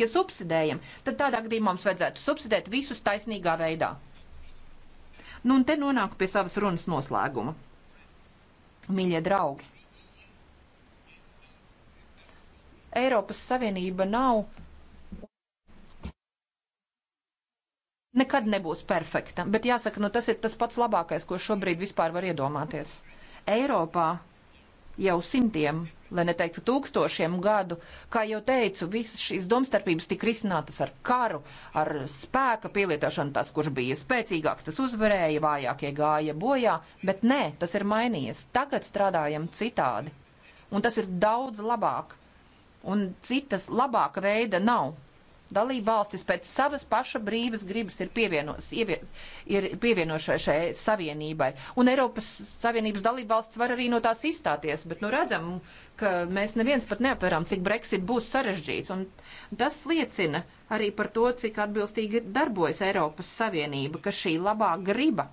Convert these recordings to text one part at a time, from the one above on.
Ja subsidējam, tad tādā gadījumā mums vajadzētu subsidēt visus taisnīgā veidā. Nu, un te nonāku pie savas runas noslēguma. Mīļie draugi, Eiropas Savienība nav nekad nebūs perfekta. Bet jāsaka, nu, tas ir tas pats labākais, ko šobrīd vispār var iedomāties. Eiropā jau simtiem, lai neteiktu tūkstošiem gadu. Kā jau teicu, visas šīs domstarpības tika risinātas ar karu, ar spēka pielietošanu. Tas, kurš bija spēcīgāks, tas uzvarēja, vājākie gāja bojā, bet nē, tas ir mainījies. Tagad strādājam citādi. Un tas ir daudz labāk. Un citas labāka veida nav. Dalība valstis pēc savas paša brīvas gribas ir, pievienos, ievies, ir pievienošai šai savienībai. Un Eiropas Savienības dalība valsts var arī no tās izstāties, bet nu redzam, ka mēs neviens pat neapveram, cik Brexit būs sarežģīts. Un tas liecina arī par to, cik atbilstīgi darbojas Eiropas Savienība, ka šī labā griba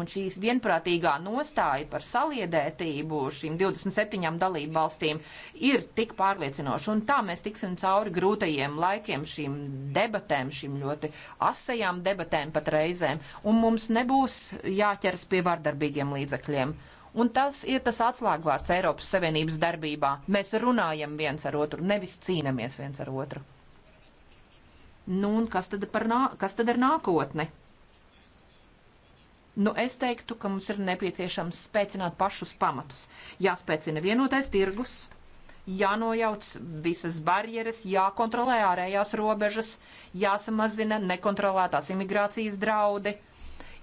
Un šīs vienprātīgā nostāja par saliedētību šīm 27 dalību valstīm ir tik pārliecinoša. Un tā mēs tiksim cauri grūtajiem laikiem, šīm debatēm, šīm ļoti asajām debatēm pat reizēm. Un mums nebūs jāķeras pie vardarbīgiem līdzekļiem. Un tas ir tas atslēgvārds Eiropas Savienības darbībā. Mēs runājam viens ar otru, nevis cīnamies viens ar otru. Nu un kas tad, nā kas tad ar nākotni? Nu, es teiktu, ka mums ir nepieciešams spēcināt pašus pamatus. Jāspēcina vienotais tirgus, jānojauc visas barjeras, jākontrolē ārējās robežas, jāsamazina nekontrolētās imigrācijas draudi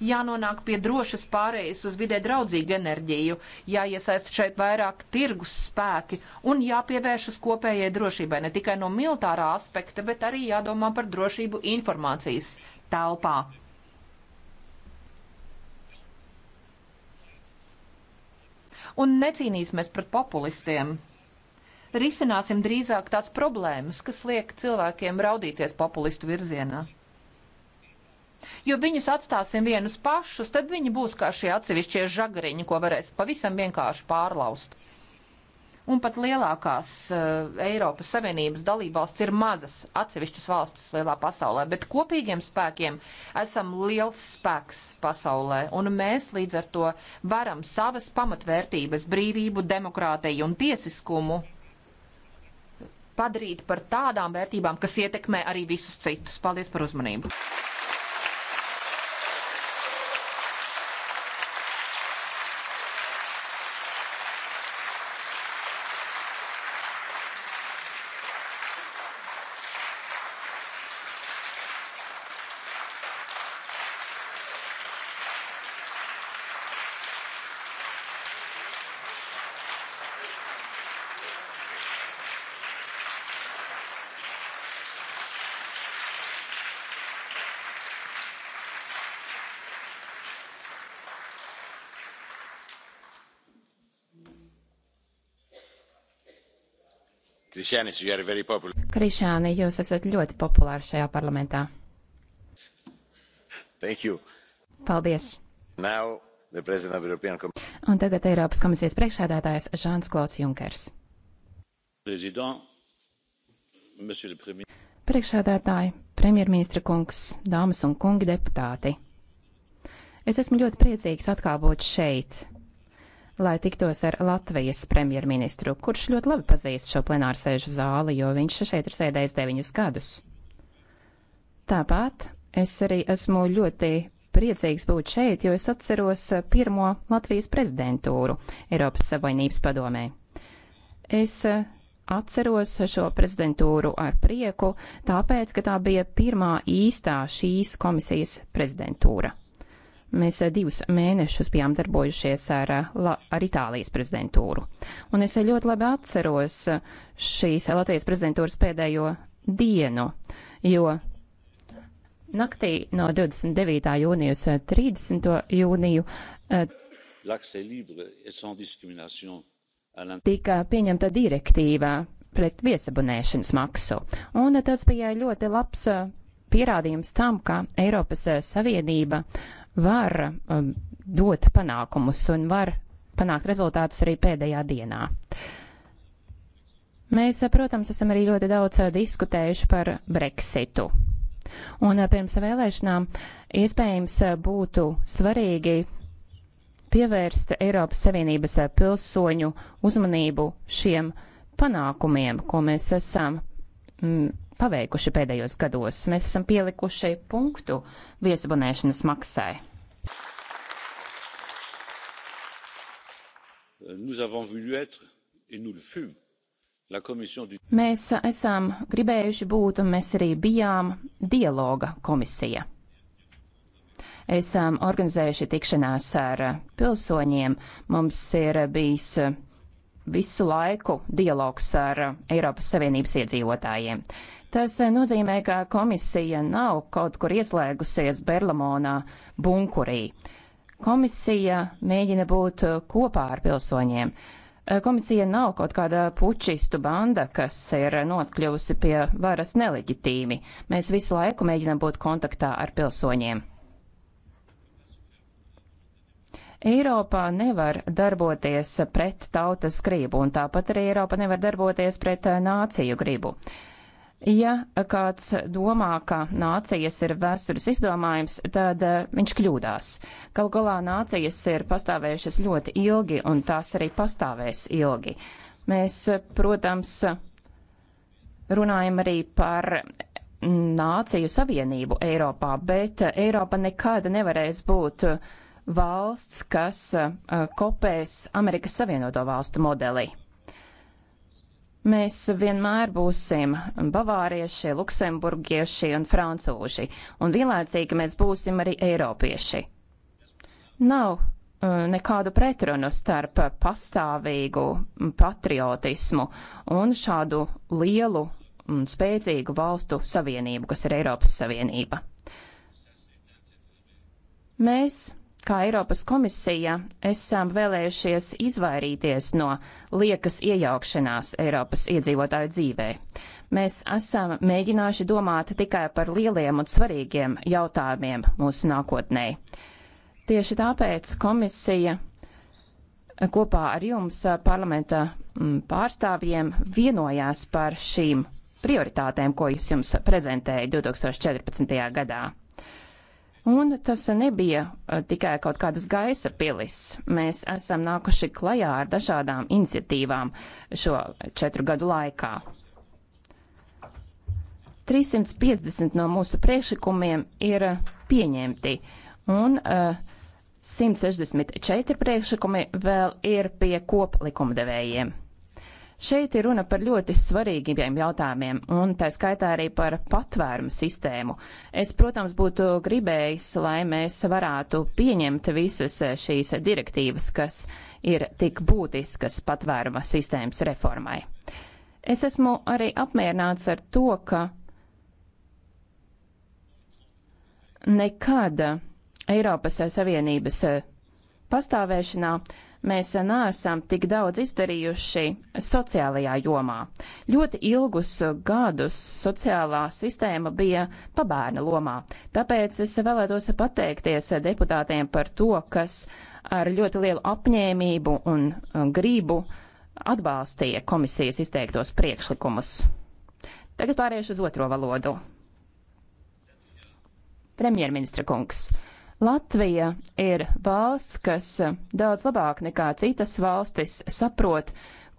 jānonāk pie drošas pārējas uz vidē draudzīgu enerģiju, jāiesaist šeit vairāk tirgus spēki un jāpievēršas kopējai drošībai ne tikai no militārā aspekta, bet arī jādomā par drošību informācijas telpā. un necīnīsimies pret populistiem. Risināsim drīzāk tās problēmas, kas liek cilvēkiem raudīties populistu virzienā. Jo viņus atstāsim vienus pašus, tad viņi būs kā šie atsevišķie žagariņi, ko varēs pavisam vienkārši pārlaust un pat lielākās uh, Eiropas Savienības dalībvalsts ir mazas atsevišķas valstis lielā pasaulē, bet kopīgiem spēkiem esam liels spēks pasaulē, un mēs līdz ar to varam savas pamatvērtības - brīvību, demokrātiju un tiesiskumu padarīt par tādām vērtībām, kas ietekmē arī visus citus. Paldies par uzmanību! Krišāni, jūs esat ļoti populāri šajā parlamentā. Paldies! Now, Un tagad Eiropas komisijas priekšsēdētājs Žāns Klauds Junkers. Priekšsēdētāji, premjerministra kungs, dāmas un kungi deputāti. Es esmu ļoti priecīgs atkal būt šeit, lai tiktos ar Latvijas premjerministru, kurš ļoti labi pazīst šo plenārsēžu zāli, jo viņš šeit ir sēdējis deviņus gadus. Tāpat es arī esmu ļoti priecīgs būt šeit, jo es atceros pirmo Latvijas prezidentūru Eiropas Savienības padomē. Es eh, atceros šo prezidentūru ar prieku, tāpēc, ka tā bija pirmā īstā šīs komisijas prezidentūra. Mēs eh, divus mēnešus bijām darbojušies ar, eh, ar Itālijas prezidentūru. Un es eh, ļoti labi atceros šīs Latvijas prezidentūras pēdējo dienu, jo naktī no 29. jūnija uz 30. jūniju tika pieņemta direktīva pret viesabunēšanas maksu. Un tas bija ļoti labs pierādījums tam, ka Eiropas Savienība uh, var um, dot panākumus un var panākt rezultātus arī pēdējā dienā. Mēs, uh, protams, esam arī ļoti daudz uh, diskutējuši par Brexitu. Un uh, pirms vēlēšanām iespējams būtu svarīgi pievērst Eiropas Savienības pilsoņu uzmanību šiem panākumiem, ko mēs esam m, mm, paveikuši pēdējos gados. Mēs esam pielikuši punktu viesabonēšanas maksai. nous avons voulu être et nous le fûmes Mēs esam gribējuši būt, un mēs arī bijām dialoga komisija. Esam organizējuši tikšanās ar pilsoņiem. Mums ir bijis visu laiku dialogs ar Eiropas Savienības iedzīvotājiem. Tas nozīmē, ka komisija nav kaut kur ieslēgusies Berlamonā bunkurī. Komisija mēģina būt uh, kopā ar pilsoņiem. Uh, komisija nav kaut kāda pučistu banda, kas ir notkļuvusi pie varas neleģitīmi. Mēs visu laiku mēģinām būt kontaktā ar pilsoņiem. Eiropā nevar darboties pret tautas gribu, un tāpat arī Eiropa nevar darboties pret uh, nāciju gribu. Uh, Ja kāds domā, ka nācijas ir vēstures izdomājums, tad eh, viņš kļūdās. Galu galā nācijas ir pastāvējušas ļoti ilgi, un tās arī pastāvēs ilgi. Mēs, protams, runājam arī par nāciju savienību Eiropā, bet Eiropa nekad nevarēs būt valsts, kas eh, kopēs Amerikas Savienoto valstu modeli. Mēs vienmēr būsim bavārieši, luksemburgieši un francūži, un vienlaicīgi mēs būsim arī eiropieši. Nav uh, nekādu pretrunu starp pastāvīgu patriotismu un šādu lielu un spēcīgu valstu savienību, kas ir Eiropas Savienība. Mēs kā Eiropas komisija esam vēlējušies izvairīties no liekas iejaukšanās Eiropas iedzīvotāju dzīvē. Mēs esam mēģinājuši domāt tikai par lieliem un svarīgiem jautājumiem mūsu nākotnē. Tieši tāpēc komisija kopā ar jums parlamenta pārstāvjiem vienojās par šīm prioritātēm, ko es jums prezentēju 2014. gadā. Un tas nebija uh, tikai kaut kādas gaisa pilis. Mēs esam nākuši klajā ar dažādām iniciatīvām šo četru gadu laikā. 350 no mūsu priekšlikumiem ir pieņemti, un uh, 164 priekšlikumi vēl ir pie koplikumdevējiem. Šeit ir runa par ļoti svarīgiem jautājumiem, un tā skaitā arī par patvērumu sistēmu. Es, protams, būtu gribējis, lai mēs varētu pieņemt visas šīs direktīvas, kas ir tik būtiskas patvēruma sistēmas reformai. Es esmu arī apmierināts ar to, ka nekad Eiropas Savienības pastāvēšanā mēs neesam tik daudz izdarījuši sociālajā jomā. Ļoti ilgus gadus sociālā sistēma bija pabērna lomā, tāpēc es vēlētos pateikties deputātiem par to, kas ar ļoti lielu apņēmību un uh, gribu atbalstīja komisijas izteiktos priekšlikumus. Tagad pāriešu uz otro valodu. Premjerministra kungs, Latvija ir valsts, kas daudz labāk nekā citas valstis saprot,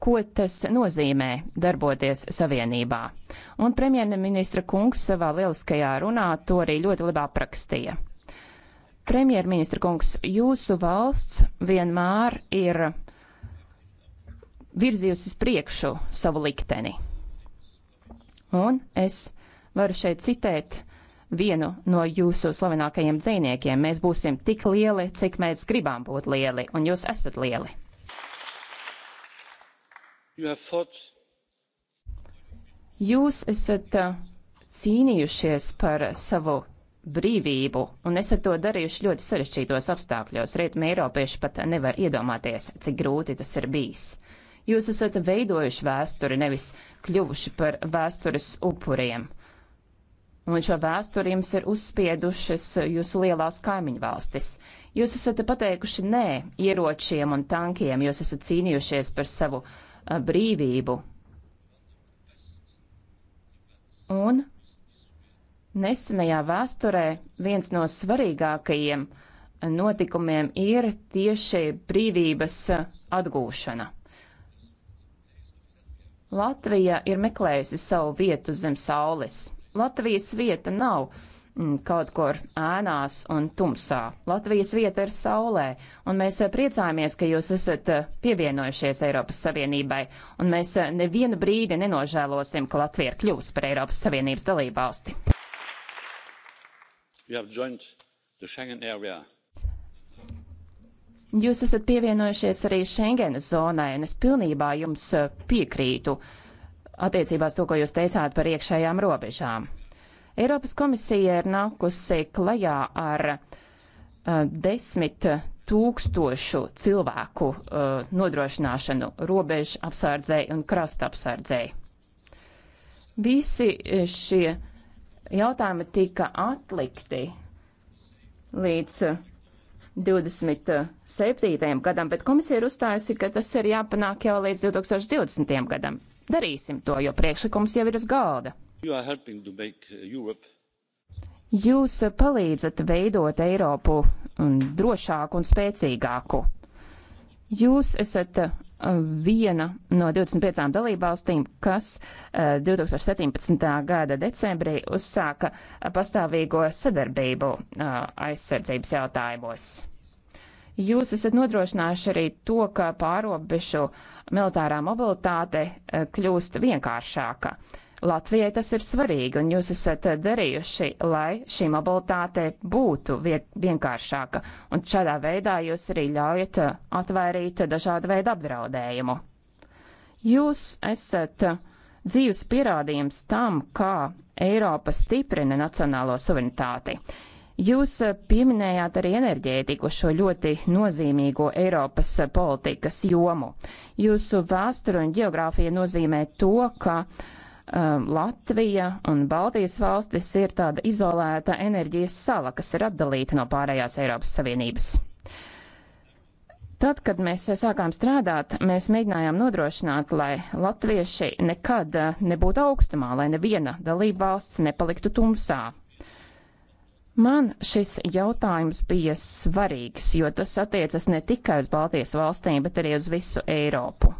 ko tas nozīmē darboties savienībā. Un premjerministra kungs savā lieliskajā runā to arī ļoti labi aprakstīja. Premjerministra kungs, jūsu valsts vienmēr ir virzījusi uz priekšu savu likteni. Un es varu šeit citēt vienu no jūsu slavenākajiem dzīniekiem. Mēs būsim tik lieli, cik mēs gribam būt lieli, un jūs esat lieli. Jūs esat uh, cīnījušies par savu brīvību, un esat to darījuši ļoti sarežģītos apstākļos. Rietumē Eiropieši pat nevar iedomāties, cik grūti tas ir bijis. Jūs esat veidojuši vēsturi, nevis kļuvuši par vēstures upuriem un šo vēsturi jums ir uzspiedušas jūsu lielās kaimiņu valstis. Jūs esat pateikuši nē ieročiem un tankiem, jūs esat cīnījušies par savu uh, brīvību. Un nesenajā vēsturē viens no svarīgākajiem notikumiem ir tieši brīvības uh, atgūšana. Latvija ir meklējusi savu vietu zem saules, Latvijas vieta nav mm, kaut kur ēnās un tumsā. Latvijas vieta ir saulē, un mēs eh, priecājamies, ka jūs esat eh, pievienojušies Eiropas Savienībai, un mēs eh, nevienu brīdi nenožēlosim, ka Latvija ir kļūst par Eiropas Savienības dalībvalsti. Jūs esat pievienojušies arī Schengenas zonai, un es pilnībā jums piekrītu. Uh, attiecībās to, ko jūs teicāt par iekšējām robežām. Eiropas komisija ir nākusi klajā ar uh, desmit tūkstošu cilvēku uh, nodrošināšanu robežu apsardzēji un krasta apsardzēji. Visi uh, šie jautājumi tika atlikti līdz 27. Uh, gadam, bet komisija ir uzstājusi, ka tas ir jāpanāk jau līdz 2020. gadam. Darīsim to, jo priekšlikums jau ir uz galda. Uh, Jūs uh, palīdzat veidot Eiropu um, drošāku un spēcīgāku. Jūs esat uh, viena no 25 dalībvalstīm, kas 2017. gada decembrī uzsāka pastāvīgo sadarbību aizsardzības jautājumos. Jūs esat nodrošinājuši arī to, ka pārobežu militārā mobilitāte eh, kļūst vienkāršāka. Latvijai tas ir svarīgi, un jūs esat eh, darījuši, lai šī mobilitāte būtu vienkāršāka, un šādā veidā jūs arī ļaujat eh, atvairīt dažādu veidu apdraudējumu. Jūs esat dzīves pierādījums tam, kā Eiropa stiprina nacionālo suverenitāti. Jūs eh, pieminējāt arī enerģētiku, šo ļoti nozīmīgo Eiropas eh, politikas jomu. Jūsu vēsturu un geogrāfija nozīmē to, ka um, Latvija un Baltijas valstis ir tāda izolēta enerģijas sala, kas ir atdalīta no pārējās Eiropas Savienības. Tad, kad mēs sākām strādāt, mēs mēģinājām nodrošināt, lai latvieši nekad nebūtu augstumā, lai neviena dalība valsts nepaliktu tumsā. Man šis jautājums bija svarīgs, jo tas attiecas ne tikai uz Baltijas valstīm, bet arī uz visu Eiropu.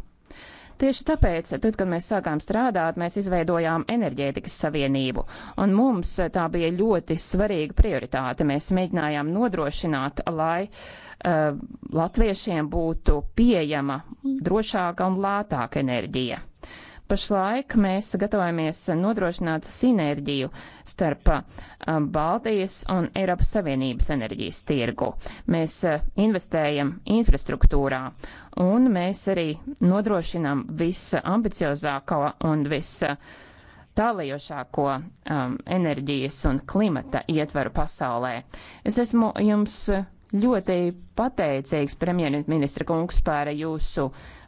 Tieši tāpēc, tad, kad mēs sākām strādāt, mēs izveidojām enerģētikas savienību, un mums tā bija ļoti svarīga prioritāte. Mēs mēģinājām nodrošināt, lai uh, latviešiem būtu pieejama drošāka un lētāka enerģija. Uh, Pašlaik mēs gatavojamies nodrošināt sinerģiju starp uh, Baltijas un Eiropas Savienības enerģijas tirgu. Mēs uh, investējam infrastruktūrā un mēs arī nodrošinām visambiciozāko un visa tālajošāko um, enerģijas un klimata ietveru pasaulē. Es esmu jums ļoti pateicīgs premjerministra kungs par jūsu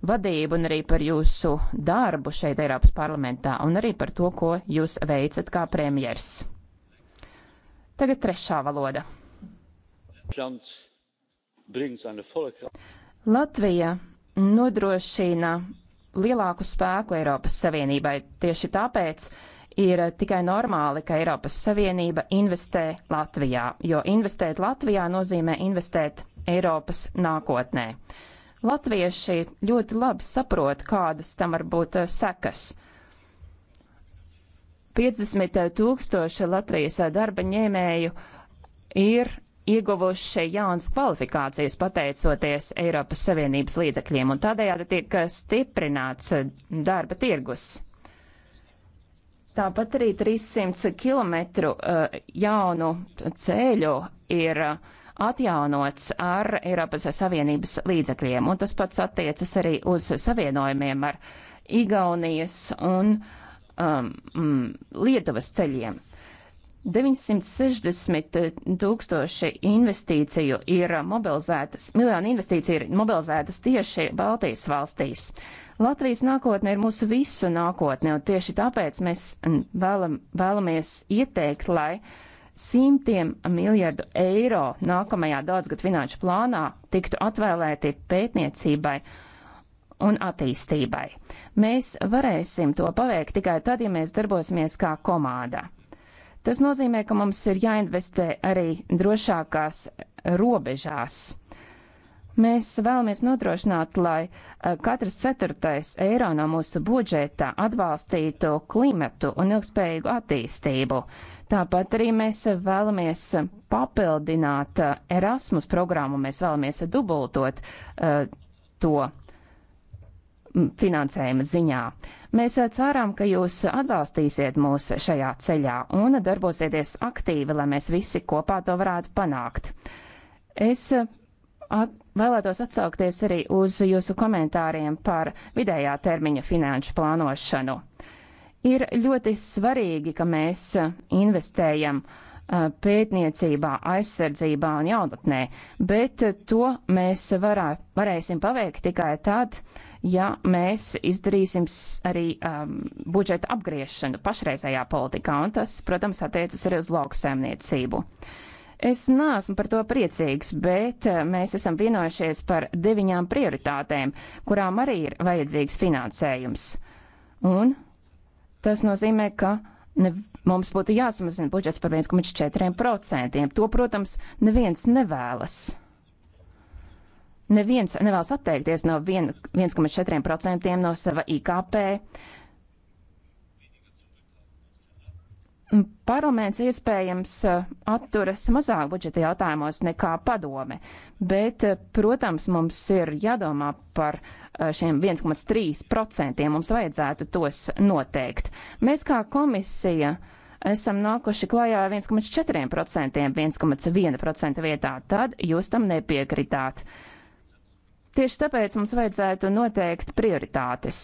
vadību un arī par jūsu darbu šeit Eiropas parlamentā un arī par to, ko jūs veicat kā premjers. Tagad trešā valoda. Latvija nodrošina lielāku spēku Eiropas Savienībai tieši tāpēc, Ir tikai normāli, ka Eiropas Savienība investē Latvijā, jo investēt Latvijā nozīmē investēt Eiropas nākotnē. Latvieši ļoti labi saprot, kādas tam var būt eh, sekas. 50 eh, tūkstoši Latvijas eh, darba ņēmēju ir ieguvuši jaunas kvalifikācijas pateicoties Eiropas Savienības līdzekļiem, un tādējādi tiek stiprināts darba tirgus. Tāpat arī 300 km eh, jaunu ceļu ir eh, atjaunots ar Eiropas Savienības līdzekļiem, un tas pats attiecas arī uz savienojumiem ar Igaunijas un um, mm, Lietuvas ceļiem. 960 tūkstoši investīciju ir mobilizētas, miljonu investīciju ir mobilizētas tieši Baltijas valstīs. Uh, Latvijas nākotne ir mūsu visu nākotne, un tieši tāpēc mēs vēlam, vēlamies ieteikt, lai simtiem miljardu eiro nākamajā daudzgad finanšu plānā tiktu atvēlēti pētniecībai un attīstībai. Mēs varēsim to paveikt tikai tad, ja mēs darbosimies kā komādā. Tas nozīmē, ka mums ir jāinvestē arī drošākās robežās. Mēs vēlamies nodrošināt, lai e, katrs ceturtais eiro no mūsu budžeta atbalstītu klimatu un ilgspējīgu attīstību. Tāpat arī mēs vēlamies papildināt e, Erasmus programmu, mēs vēlamies dubultot uh, to finansējuma ziņā. Mēs ceram, ka jūs atbalstīsiet mūs šajā ceļā un darbosieties aktīvi, lai mēs visi kopā to varētu panākt. Es at, Vēlētos atsaukties arī uz jūsu komentāriem par vidējā termiņa finanšu plānošanu. Ir ļoti svarīgi, ka mēs investējam pētniecībā, aizsardzībā un jaunatnē, bet to mēs varā, varēsim paveikt tikai tad, ja mēs izdarīsim arī um, budžeta apgriešanu pašreizējā politikā, un tas, protams, attiecas arī uz lauksēmniecību. Uh, Es neesmu par to priecīgs, bet eh, mēs esam vienojušies par deviņām prioritātēm, kurām arī ir vajadzīgs finansējums. Un tas nozīmē, ka ne, mums būtu jāsamazina budžets par 1,4%. To, protams, neviens nevēlas. Neviens nevēlas atteikties no 1,4% no sava IKP. Parlaments iespējams eh, atturas mazāk budžeta jautājumos nekā padome, bet, eh, protams, mums ir jādomā par eh, šiem 1,3%. Mums vajadzētu tos noteikt. Mēs kā komisija esam nākuši klajā ar 1,4%, 1,1% vietā, tad jūs tam nepiekritāt. Tieši tāpēc mums vajadzētu noteikt prioritātes.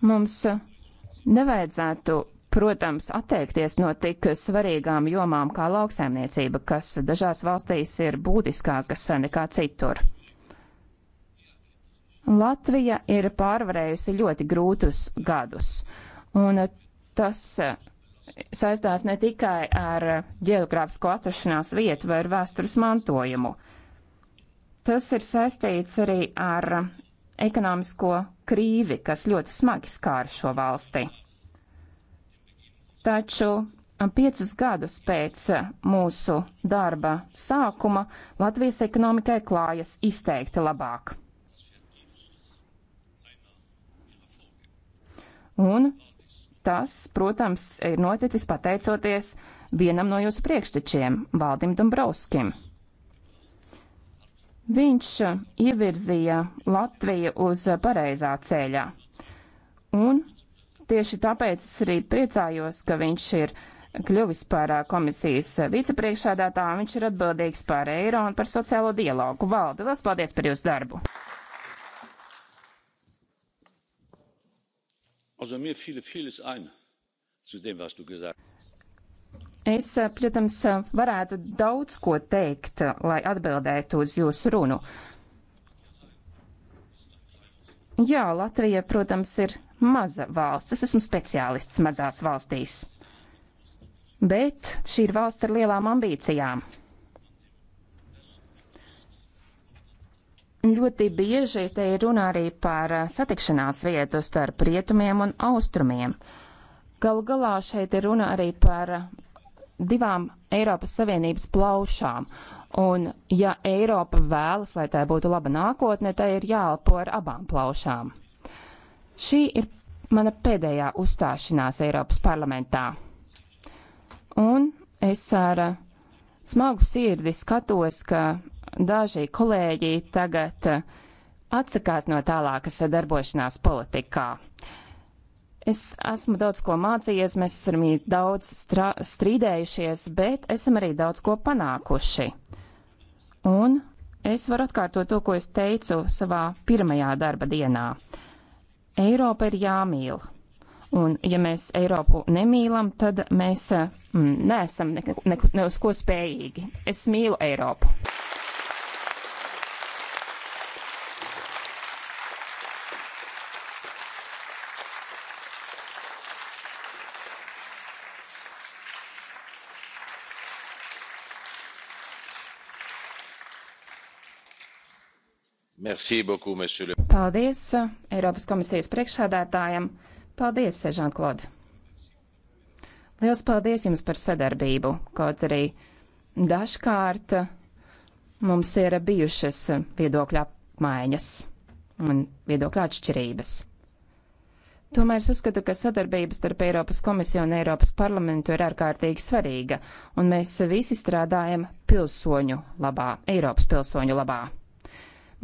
Mums uh, Nevajadzētu, protams, atteikties no tik svarīgām jomām kā lauksaimniecība, kas dažās valstīs ir būtiskākas nekā citur. Latvija ir pārvarējusi ļoti grūtus gadus, un tas saistās ne tikai ar ģeogrāfisko atrašanās vietu vai ar vēstures mantojumu. Tas ir saistīts arī ar ekonomisko krīzi, kas ļoti smagi skāra šo valsti. Taču um, piecus gadus pēc uh, mūsu darba sākuma Latvijas ekonomikai klājas izteikti labāk. Un tas, protams, ir noticis pateicoties vienam no jūsu priekštečiem, Valdim Dombrovskim. Viņš uh, ievirzīja Latviju uz uh, pareizā ceļā. Un tieši tāpēc es arī priecājos, ka viņš ir kļuvis par uh, komisijas vicepriekšādātāju, viņš ir atbildīgs par eiro un par sociālo dialogu. Valdi, liels paldies par jūsu darbu! Also mir fiel vieles ein zu dem, was du gesagt hast. Es, eh, protams, eh, varētu daudz ko teikt, eh, lai atbildētu uz jūsu runu. Jā, Latvija, protams, ir maza valsts. Es esmu speciālists mazās valstīs. Bet šī ir valsts ar lielām ambīcijām. Ļoti bieži te ir runa arī par satikšanās vietu starp rietumiem un austrumiem. Galu galā šeit ir runa arī par divām Eiropas Savienības plaušām. Un, ja Eiropa vēlas, lai tai būtu laba nākotne, tai ir jāelpo ar abām plaušām. Šī ir mana pēdējā uzstāšanās Eiropas parlamentā. Un es ar smagu sirdi skatos, ka daži kolēģi tagad atsakās no tālākas darbošanās politikā. Es esmu daudz ko mācījies, mēs esam daudz strīdējušies, bet esam arī daudz ko panākuši. Un es varu atkārtot to, ko es teicu savā pirmajā darba dienā. Eiropa ir jāmīl. Un ja mēs Eiropu nemīlam, tad mēs mm, neesam ne, ne, ne uz ko spējīgi. Es mīlu Eiropu. Beaucoup, le... Paldies eh, Eiropas komisijas priekšādātājam. Paldies, Sežant Klod. Liels paldies jums par sadarbību, kaut arī dažkārt mums ir bijušas viedokļa apmaiņas un viedokļa atšķirības. Tomēr es uzskatu, ka sadarbība starp Eiropas komisiju un Eiropas parlamentu ir ārkārtīgi svarīga, un mēs visi strādājam pilsoņu labā, Eiropas pilsoņu labā.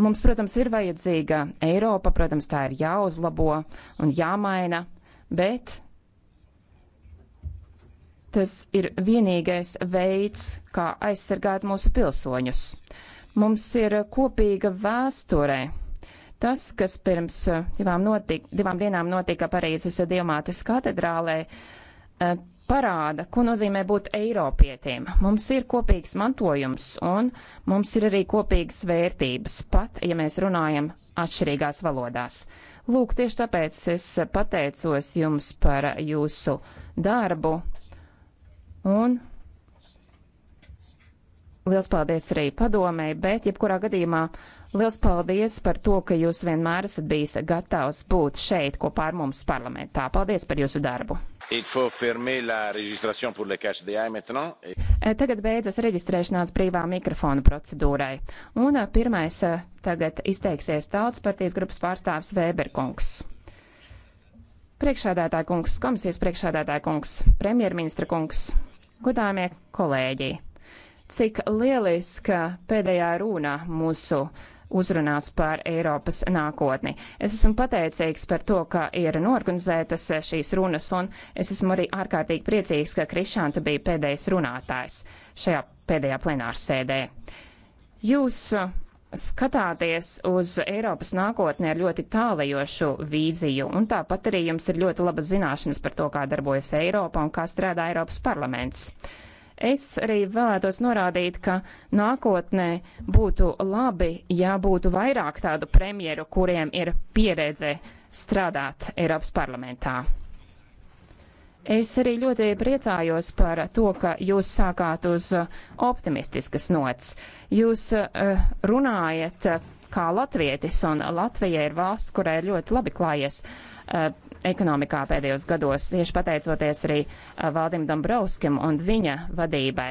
Mums, protams, ir vajadzīga Eiropa, protams, tā ir jāuzlabo un jāmaina, bet tas ir vienīgais veids, kā aizsargāt mūsu pilsoņus. Mums ir kopīga vēsturē. Tas, kas pirms eh, divām, notik, divām dienām notika Parīzes Diamātes katedrālē, eh, parāda, ko nozīmē būt Eiropietiem. Mums ir kopīgs mantojums un mums ir arī kopīgas vērtības, pat ja mēs runājam atšķirīgās valodās. Lūk, tieši tāpēc es pateicos jums par jūsu darbu un Liels paldies arī padomēji, bet jebkurā gadījumā liels paldies par to, ka jūs vienmēr esat bijis gatavs būt šeit kopā ar mums parlamentā. Paldies par jūsu darbu. Eh, tagad beidzas reģistrēšanās brīvā mikrofona procedūrai. Un eh, pirmais eh, tagad izteiksies tautas partijas grupas pārstāvs Vēberkungs. Priekšādātāja kungs, komisijas priekšādātāja kungs, premjerministra kungs, godāmie kolēģi cik lieliska pēdējā runā mūsu uzrunās par Eiropas nākotni. Es esmu pateicīgs par to, ka ir norganizētas šīs runas, un es esmu arī ārkārtīgi priecīgs, ka Krišanta bija pēdējais runātājs šajā pēdējā plenārsēdē. Jūs uh, skatāties uz Eiropas nākotni ar ļoti tālajošu vīziju, un tāpat arī jums ir ļoti labas zināšanas par to, kā darbojas Eiropa un kā strādā Eiropas parlaments. Uh, Es arī vēlētos norādīt, ka nākotnē būtu labi, ja būtu vairāk tādu premjeru, kuriem ir pieredze strādāt Eiropas parlamentā. Es arī ļoti priecājos par to, ka jūs sākāt uz optimistiskas nots. Jūs eh, runājat eh, kā latvietis, un Latvija ir valsts, kurai ir ļoti labi klājies eh, ekonomikā pēdējos gados, tieši pateicoties arī uh, Valdim Dombrovskim un viņa vadībai.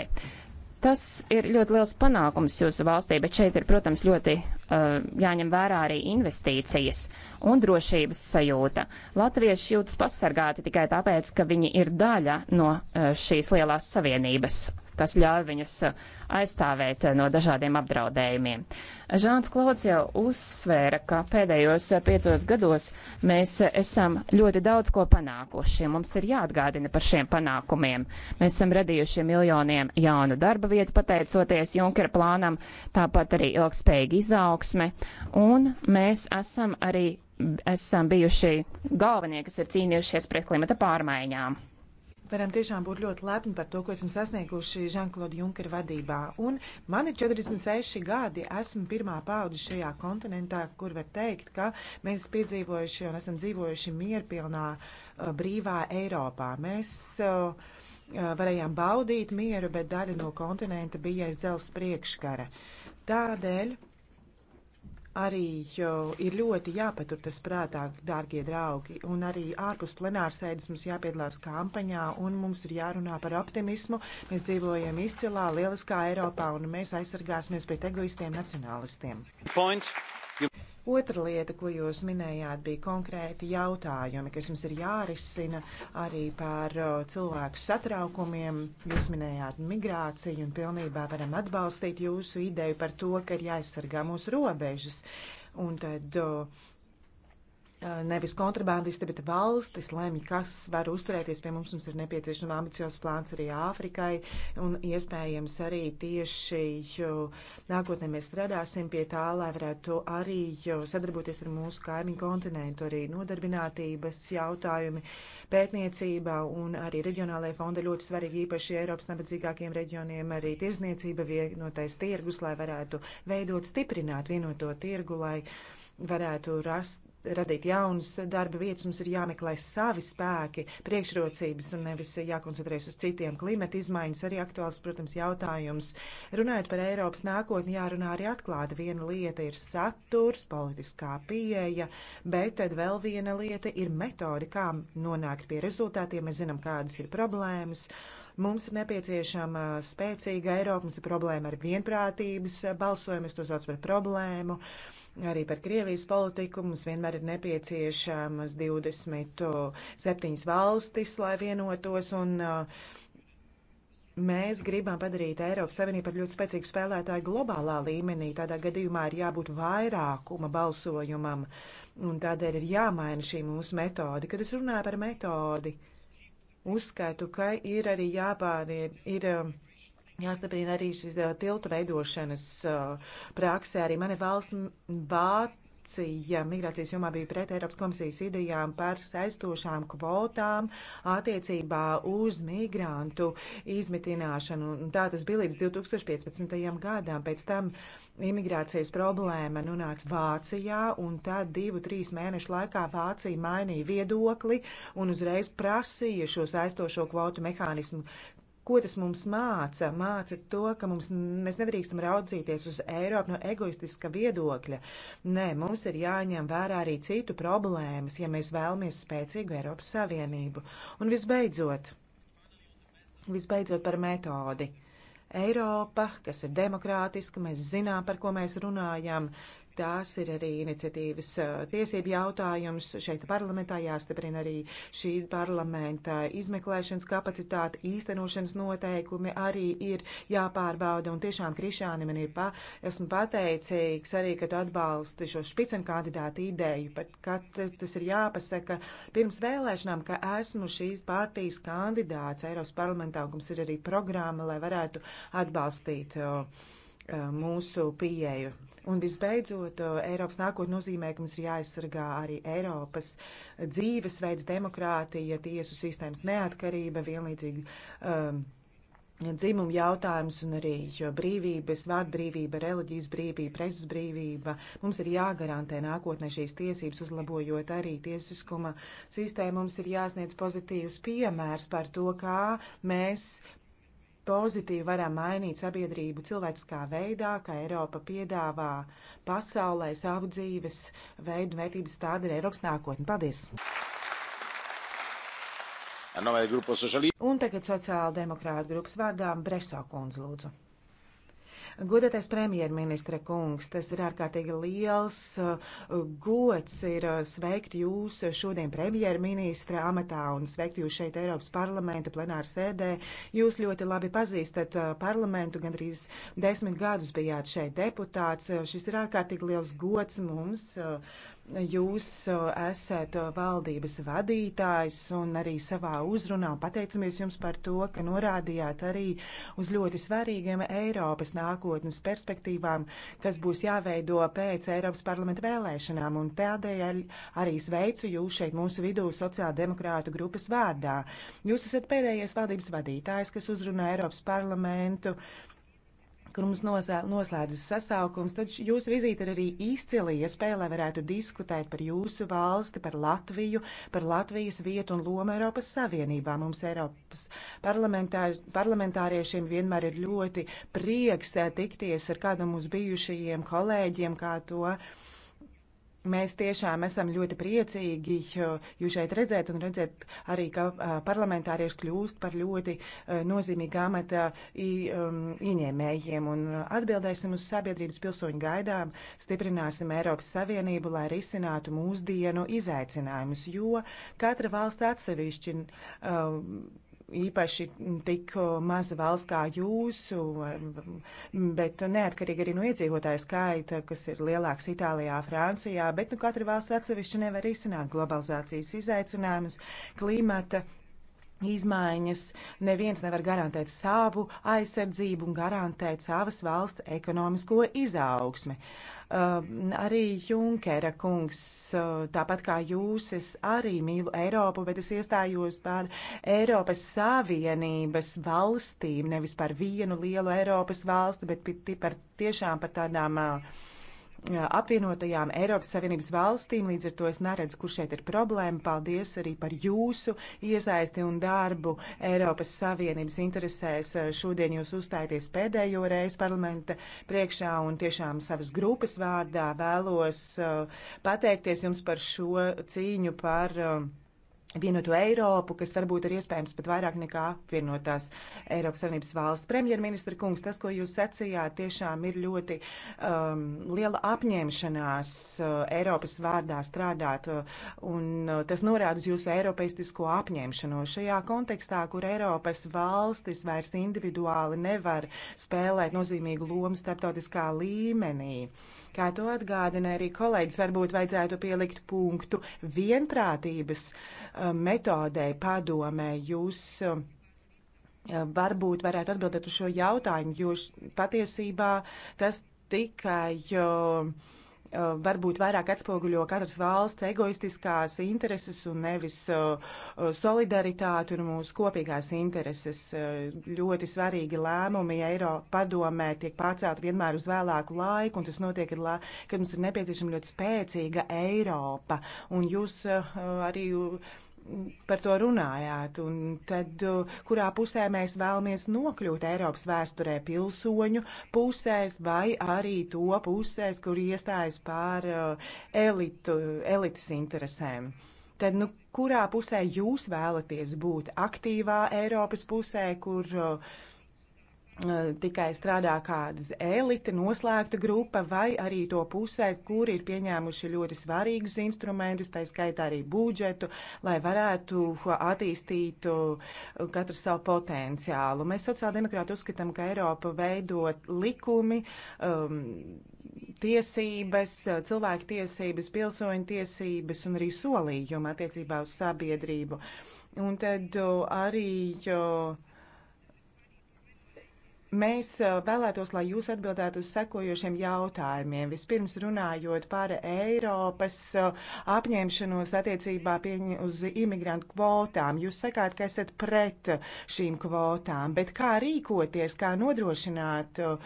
Tas ir ļoti liels panākums jūsu valstī, bet šeit ir, protams, ļoti Eh, jāņem vērā arī investīcijas un drošības sajūta. Latvieši jūtas pasargāti tikai tāpēc, ka viņi ir daļa no eh, šīs lielās savienības, kas ļauj viņus eh, aizstāvēt no dažādiem apdraudējumiem. Žāns Klauds jau uzsvēra, ka pēdējos piecos gados mēs esam ļoti daudz ko panākuši. Mums ir jāatgādina par šiem panākumiem. Mēs esam radījuši miljoniem jaunu darba vietu pateicoties Junkera plānam, tāpat arī ilgspējīgi izaugsmu izaugsme, un mēs esam arī esam bijuši galvenie, kas ir cīnījušies pret klimata pārmaiņām. Varam tiešām būt ļoti lepni par to, ko esam sasnieguši Žanklodu Junkeru vadībā. Un man ir 46 gadi, esmu pirmā paudze šajā kontinentā, kur var teikt, ka mēs piedzīvojuši un esam dzīvojuši mierpilnā, uh, brīvā Eiropā. Mēs uh, uh, varējām baudīt mieru, bet daļa no kontinenta bija aiz dzels priekškara. Tādēļ arī ir ļoti jāpatur tas prātā, dārgie draugi, un arī ārpus plenārsēdes mums jāpiedalās kampaņā, un mums ir jārunā par optimismu. Mēs dzīvojam izcilā, lieliskā Eiropā, un mēs aizsargāsimies pret egoistiem nacionālistiem. Point. Otra lieta, ko jūs minējāt, bija konkrēti jautājumi, kas jums ir jārisina arī par cilvēku satraukumiem. Jūs minējāt migrāciju un pilnībā varam atbalstīt jūsu ideju par to, ka ir jāaizsargā mūsu robežas. Un tad. Uh, Eh, nevis kontrabandisti, bet valstis lemj, kas var uzturēties pie mums. Mums ir nepieciešama ambiciozs plāns arī Āfrikai, un iespējams arī tieši nākotnē mēs strādāsim pie tā, lai varētu arī sadarboties ar mūsu kaimiņu kontinentu, arī nodarbinātības jautājumi, pētniecība un arī reģionālajie fondi ļoti svarīgi īpaši Eiropas nabadzīgākiem reģioniem, arī tirzniecība, vienotais tirgus, lai varētu veidot, stiprināt vienoto tirgu, lai varētu rast radīt jaunas darba vietas, mums ir jāmeklē savi spēki, priekšrocības un nevis jākoncentrēs uz citiem. Klimata izmaiņas arī aktuāls, protams, jautājums. Runājot par Eiropas nākotni, jārunā arī atklāti. Viena lieta ir saturs, politiskā pieeja, bet tad vēl viena lieta ir metode, kā nonākt pie rezultātiem. Mēs zinām, kādas ir problēmas. Mums ir nepieciešama spēcīga Eiropa, mums ir problēma ar vienprātības balsojumu, es to saucu par problēmu. Uh, Arī par Krievijas politiku mums vienmēr ir nepieciešamas 27 valstis, lai vienotos, un mēs gribam padarīt Eiropas Savienību par ļoti spēcīgu spēlētāju globālā līmenī. Tādā gadījumā ir jābūt vairākuma balsojumam, un tādēļ ir jāmaina šī mūsu metode. Kad es runāju par metodi, uzskatu, ka ir arī jāpārie. Ir, Jāstaprina arī šis tiltu veidošanas praksē. Arī mani valsts Vācija migrācijas jomā bija pret Eiropas komisijas idejām par saistošām kvotām attiecībā uz migrantu izmitināšanu. Un tā tas bija līdz 2015. gadām. Pēc tam imigrācijas problēma nonāca Vācijā, un tad divu, trīs mēnešu laikā Vācija mainīja viedokli un uzreiz prasīja šo saistošo kvotu mehānismu Ko tas mums māca? Māca to, ka mums, mēs nedrīkstam raudzīties uz Eiropu no egoistiska viedokļa. Nē, mums ir jāņem vērā arī citu problēmas, ja mēs vēlamies spēcīgu Eiropas Savienību. Un visbeidzot, visbeidzot par metodi. Eiropa, kas ir demokrātiska, mēs zinām, par ko mēs runājam. Tās ir arī iniciatīvas tiesību jautājums. Šeit parlamentā jāstiprina arī šīs parlamenta izmeklēšanas kapacitāte, īstenošanas noteikumi arī ir jāpārbauda. Un tiešām, Krišāni, man ir pa, esmu pateicīgs arī, ka tu atbalsti šo špicen kandidātu ideju, bet ka tas, tas ir jāpasaka pirms vēlēšanām, ka esmu šīs partijas kandidāts Eiropas parlamentā, un mums ir arī programma, lai varētu atbalstīt. Uh, mūsu pieeju Un visbeidzot, eh, Eiropas nākotnē nozīmē, ka mums ir jāaizsargā arī Eiropas dzīvesveids, demokrātija, tiesu sistēmas neatkarība, vienlīdzīgi. Um, dzimumu jautājums un arī brīvības, vārdbrīvība, reliģijas brīvība, presas brīvība. Mums ir jāgarantē nākotnē šīs tiesības, uzlabojot arī tiesiskuma sistēmu. Mums ir jāsniedz pozitīvs piemērs par to, kā mēs pozitīvi varam mainīt sabiedrību cilvēciskā veidā, ka Eiropa piedāvā pasaulē savu dzīves veidu vērtības tāda ir Eiropas nākotne. Paldies! Un tagad sociāla demokrāta grupas vārdām Breso kundze lūdzu. Godātais premjerministra kungs, tas ir ārkārtīgi liels uh, gods ir uh, sveikt jūs šodien premjerministra amatā un sveikt jūs šeit Eiropas parlamenta plenāra sēdē. Jūs ļoti labi pazīstat uh, parlamentu, gandrīz desmit gadus bijāt šeit deputāts. Šis ir ārkārtīgi liels gods mums Jūs uh, esat uh, valdības vadītājs un arī savā uzrunā pateicamies jums par to, ka norādījāt arī uz ļoti svarīgiem Eiropas nākotnes perspektīvām, kas būs jāveido pēc Eiropas parlamenta vēlēšanām. Un tādēļ arī sveicu jūs šeit mūsu vidū sociāldemokrātu grupas vārdā. Jūs esat pēdējais valdības vadītājs, kas uzrunā Eiropas parlamentu kur mums noslēdzas sasaukums, tad jūsu vizīte ir arī izcili iespēja, lai varētu diskutēt par jūsu valsti, par Latviju, par Latvijas vietu un lomu Eiropas Savienībā. Mums Eiropas parlamentā, parlamentāriešiem vienmēr ir ļoti prieks eh, tikties ar kādu mūsu bijušajiem kolēģiem, kā to uh, Mēs tiešām esam ļoti priecīgi jūs šeit redzēt un redzēt arī, ka parlamentārieši kļūst par ļoti nozīmīgu amata um, ieņēmējiem un atbildēsim uz sabiedrības pilsoņu gaidām, stiprināsim Eiropas Savienību, lai risinātu mūsdienu izaicinājumus, jo katra valsts atsevišķi. Um, īpaši tik maza valsts kā jūsu, bet neatkarīgi arī no iedzīvotāju skaita, kas ir lielāks Itālijā, Francijā, bet nu katra valsts atsevišķi nevar izsināt globalizācijas izaicinājumus, klimata izmaiņas. Neviens nevar garantēt savu aizsardzību un garantēt savas valsts ekonomisko izaugsmi. Uh, arī Junkera kungs, uh, tāpat kā jūs, es arī mīlu Eiropu, bet es iestājos par Eiropas Savienības valstīm, nevis par vienu lielu Eiropas valsti, bet par tiešām par tādām uh, apvienotajām Eiropas Savienības valstīm, līdz ar to es neredzu, kur šeit ir problēma. Paldies arī par jūsu iesaisti un darbu Eiropas Savienības interesēs. Šodien jūs uzstājaties pēdējo reizi parlamenta priekšā un tiešām savas grupas vārdā vēlos pateikties jums par šo cīņu par vienoto Eiropu, kas varbūt ir iespējams pat vairāk nekā apvienotās Eiropas Savienības valsts. Premjerministra kungs, tas, ko jūs sacījāt, tiešām ir ļoti um, liela apņemšanās uh, Eiropas vārdā strādāt, uh, un uh, tas norāda uz jūsu eiropeistisko apņemšanos šajā kontekstā, kur Eiropas valstis vairs individuāli nevar spēlēt nozīmīgu lomu starptautiskā līmenī. Kā to atgādina arī kolēģis, varbūt vajadzētu pielikt punktu vienprātības. Uh, metodē padomē jūs eh, varbūt varētu atbildēt uz šo jautājumu, jo patiesībā tas tikai eh, varbūt vairāk atspoguļo katras valsts egoistiskās intereses un nevis eh, solidaritāti un mūsu kopīgās intereses. Ļoti svarīgi lēmumi Eiropa padomē tiek pārcelt vienmēr uz vēlāku laiku, un tas notiek, kad, kad mums ir nepieciešama ļoti spēcīga Eiropa. Un jūs arī par to runājāt, un tad uh, kurā pusē mēs vēlamies nokļūt Eiropas vēsturē pilsoņu pusēs vai arī to pusēs, kur iestājas pār uh, elitu, elites interesēm. Tad, nu, kurā pusē jūs vēlaties būt aktīvā Eiropas pusē, kur uh, Eh, tikai strādā kādas elite, noslēgta grupa vai arī to pusē, kur ir pieņēmuši ļoti svarīgus instrumentus, tā skaitā arī budžetu, lai varētu attīstīt eh, katru savu potenciālu. Mēs sociāldemokrāti uzskatām, ka Eiropa veidot likumi, um, tiesības, cilvēku tiesības, pilsoņu tiesības un arī solījumu attiecībā uz sabiedrību. Un tad eh, arī. Uh, Mēs eh, vēlētos, lai jūs atbildētu uz sekojošiem jautājumiem. Vispirms runājot par Eiropas eh, apņemšanos attiecībā uz imigrantu kvotām. Jūs sakāt, ka esat pret šīm kvotām, bet kā rīkoties, kā nodrošināt uh,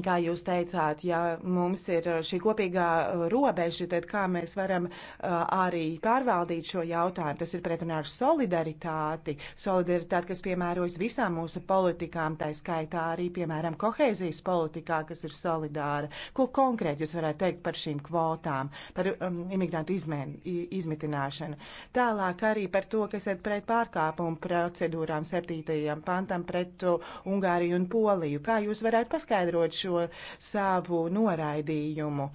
Kā jūs teicāt, ja mums ir uh, šī kopīgā uh, robeža, tad kā mēs varam uh, arī pārvaldīt šo jautājumu? Tas ir pretrunā ar solidaritāti. Solidaritāti, kas piemērojas visām mūsu politikām, tā skaitā arī, piemēram, kohēzijas politikā, kas ir solidāra. Ko konkrēti jūs varētu teikt par šīm kvotām, par um, imigrantu izmēn, izmitināšanu? Tālāk arī par to, kas ir pret pārkāpumu procedūrām septītajam pantam pret Ungāriju un Poliju. Kā jūs varētu paskaidrot? šo savu noraidījumu.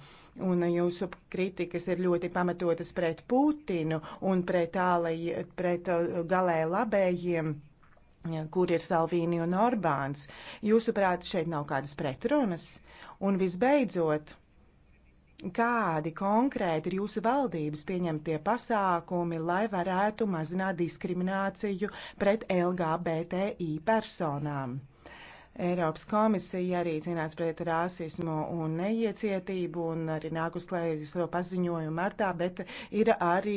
Un jūsu kritikas ir ļoti pamatotas pret Putinu un pret, tālai, pret uh, galē labējiem kur ir Salvīni un Orbāns. Jūsuprāt, šeit nav kādas pretrunas? Un visbeidzot, kādi konkrēti ir jūsu valdības pieņemtie pasākumi, lai varētu mazināt diskrimināciju pret LGBTI personām? Eiropas komisija arī cīnās pret rasismu un neiecietību un arī nākus klējas to paziņojumu martā, bet ir arī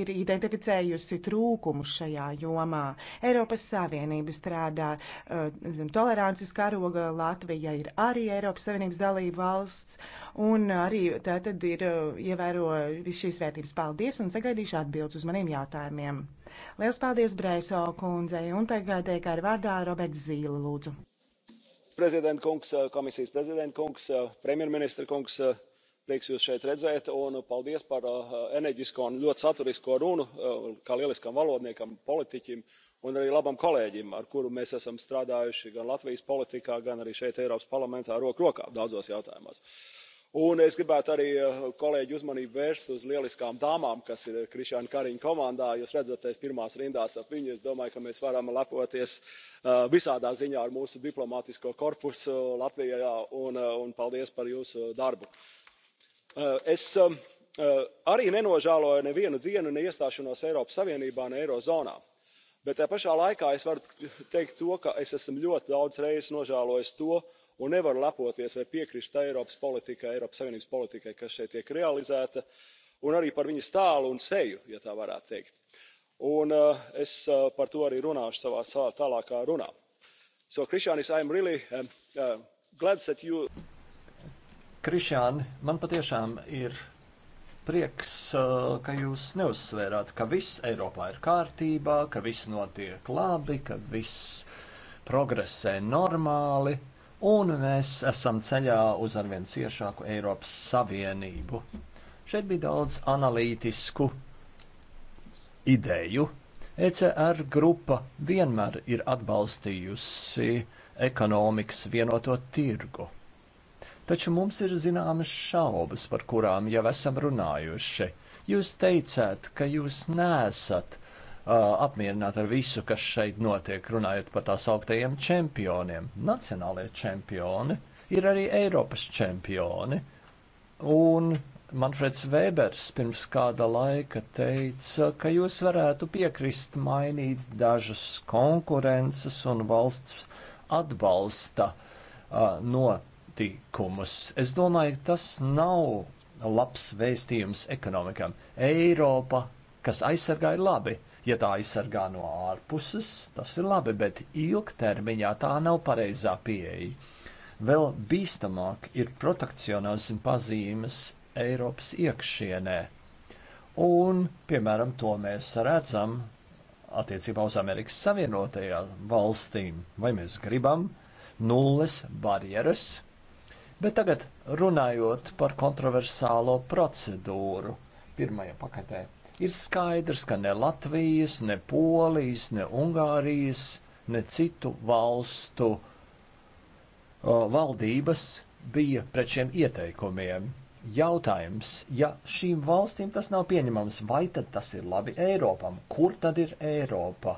ir identificējusi trūkumus šajā jomā. Eiropas Savienība strādā uh, zem, tolerances karoga, Latvija ir arī Eiropas Savienības dalība valsts un arī tātad ir uh, ievēro visu šīs vērtības. Paldies un sagaidīšu atbildes uz maniem jautājumiem. Liels paldies Braiso kundzei un tagad tiek ar vārdā Roberts Zīle lūdzu. Prezidenta kungs, eh, komisijas prezidenta kungs, eh, premjerministra kungs, eh, prieks jūs šeit redzēt un paldies par enerģisko un ļoti saturisko runu kā lieliskam valodniekam politiķim un arī labam kolēģim ar kuru mēs esam strādājuši gan latvijas politikā gan arī šeit eiropas parlamentā roku rokā daudzos jautājumos. Un es gribētu arī eh, kolēģi uzmanību vērst uz lieliskām dāmām, kas ir Krišāna Kariņa komandā. Jūs redzaties pirmās rindās ap viņu. Es domāju, ka mēs varam lepoties eh, visādā ziņā ar mūsu diplomātisko korpusu Latvijā un, eh, un paldies par jūsu darbu. Es arī nenožēloju nevienu dienu ne iestāšanos Eiropas Savienībā, ne Eirozonā. Bet tajā pašā laikā es varu teikt to, ka es esmu ļoti daudz reizes nožēlojis to, un nevaru lepoties vai piekrist eiropas politikai eiropas savienības politikai kas šeit tiek realizēta un arī par viņas tēlu un seju ja tā varētu teikt. un eh, es eh, par to arī runāšu savā, savā tālākā runā. so kristiānis i'm really um, uh, glad that you. kristiāni man patiešām ir prieks, eh, ka jūs neuzsvērāt, ka viss Eiropā ir kārtībā, ka viss notiek labi, ka viss progresē normāli un mēs esam ceļā uz arvien ciešāku Eiropas Savienību. Šeit bija daudz analītisku ideju. ECR grupa vienmēr ir atbalstījusi ekonomikas vienoto tirgu. Taču mums ir zināmas šaubas, par kurām jau esam runājuši. Jūs teicāt, ka jūs nesat Uh, apmierināti ar visu, kas šeit notiek, runājot par tās augtajiem čempioniem. Nacionālie čempioni ir arī Eiropas čempioni. Un Manfreds Vēbers pirms kāda laika teica, ka jūs varētu piekrist mainīt dažas konkurences un valsts atbalsta uh, notikumus. Es domāju, tas nav labs vēstījums ekonomikam. Eiropa, kas aizsargāja labi, uh, Ja tā aizsargā no ārpuses, tas ir labi, bet ilgtermiņā tā nav pareizā pieeja. Vēl bīstamāk ir protekcionismu pazīmes Eiropas iekšienē. Un, piemēram, to mēs redzam attiecībā uz Amerikas Savienotajām valstīm. Vai mēs gribam nulles barjeras? Bet tagad runājot par kontroversālo procedūru pirmajā paketē Ir skaidrs, ka ne Latvijas, ne Polijas, ne Ungārijas, ne citu valstu uh, valdības bija pret šiem ieteikumiem. Jautājums, ja šīm valstīm tas nav pieņemams, vai tad tas ir labi Eiropam? Kur tad ir Eiropa?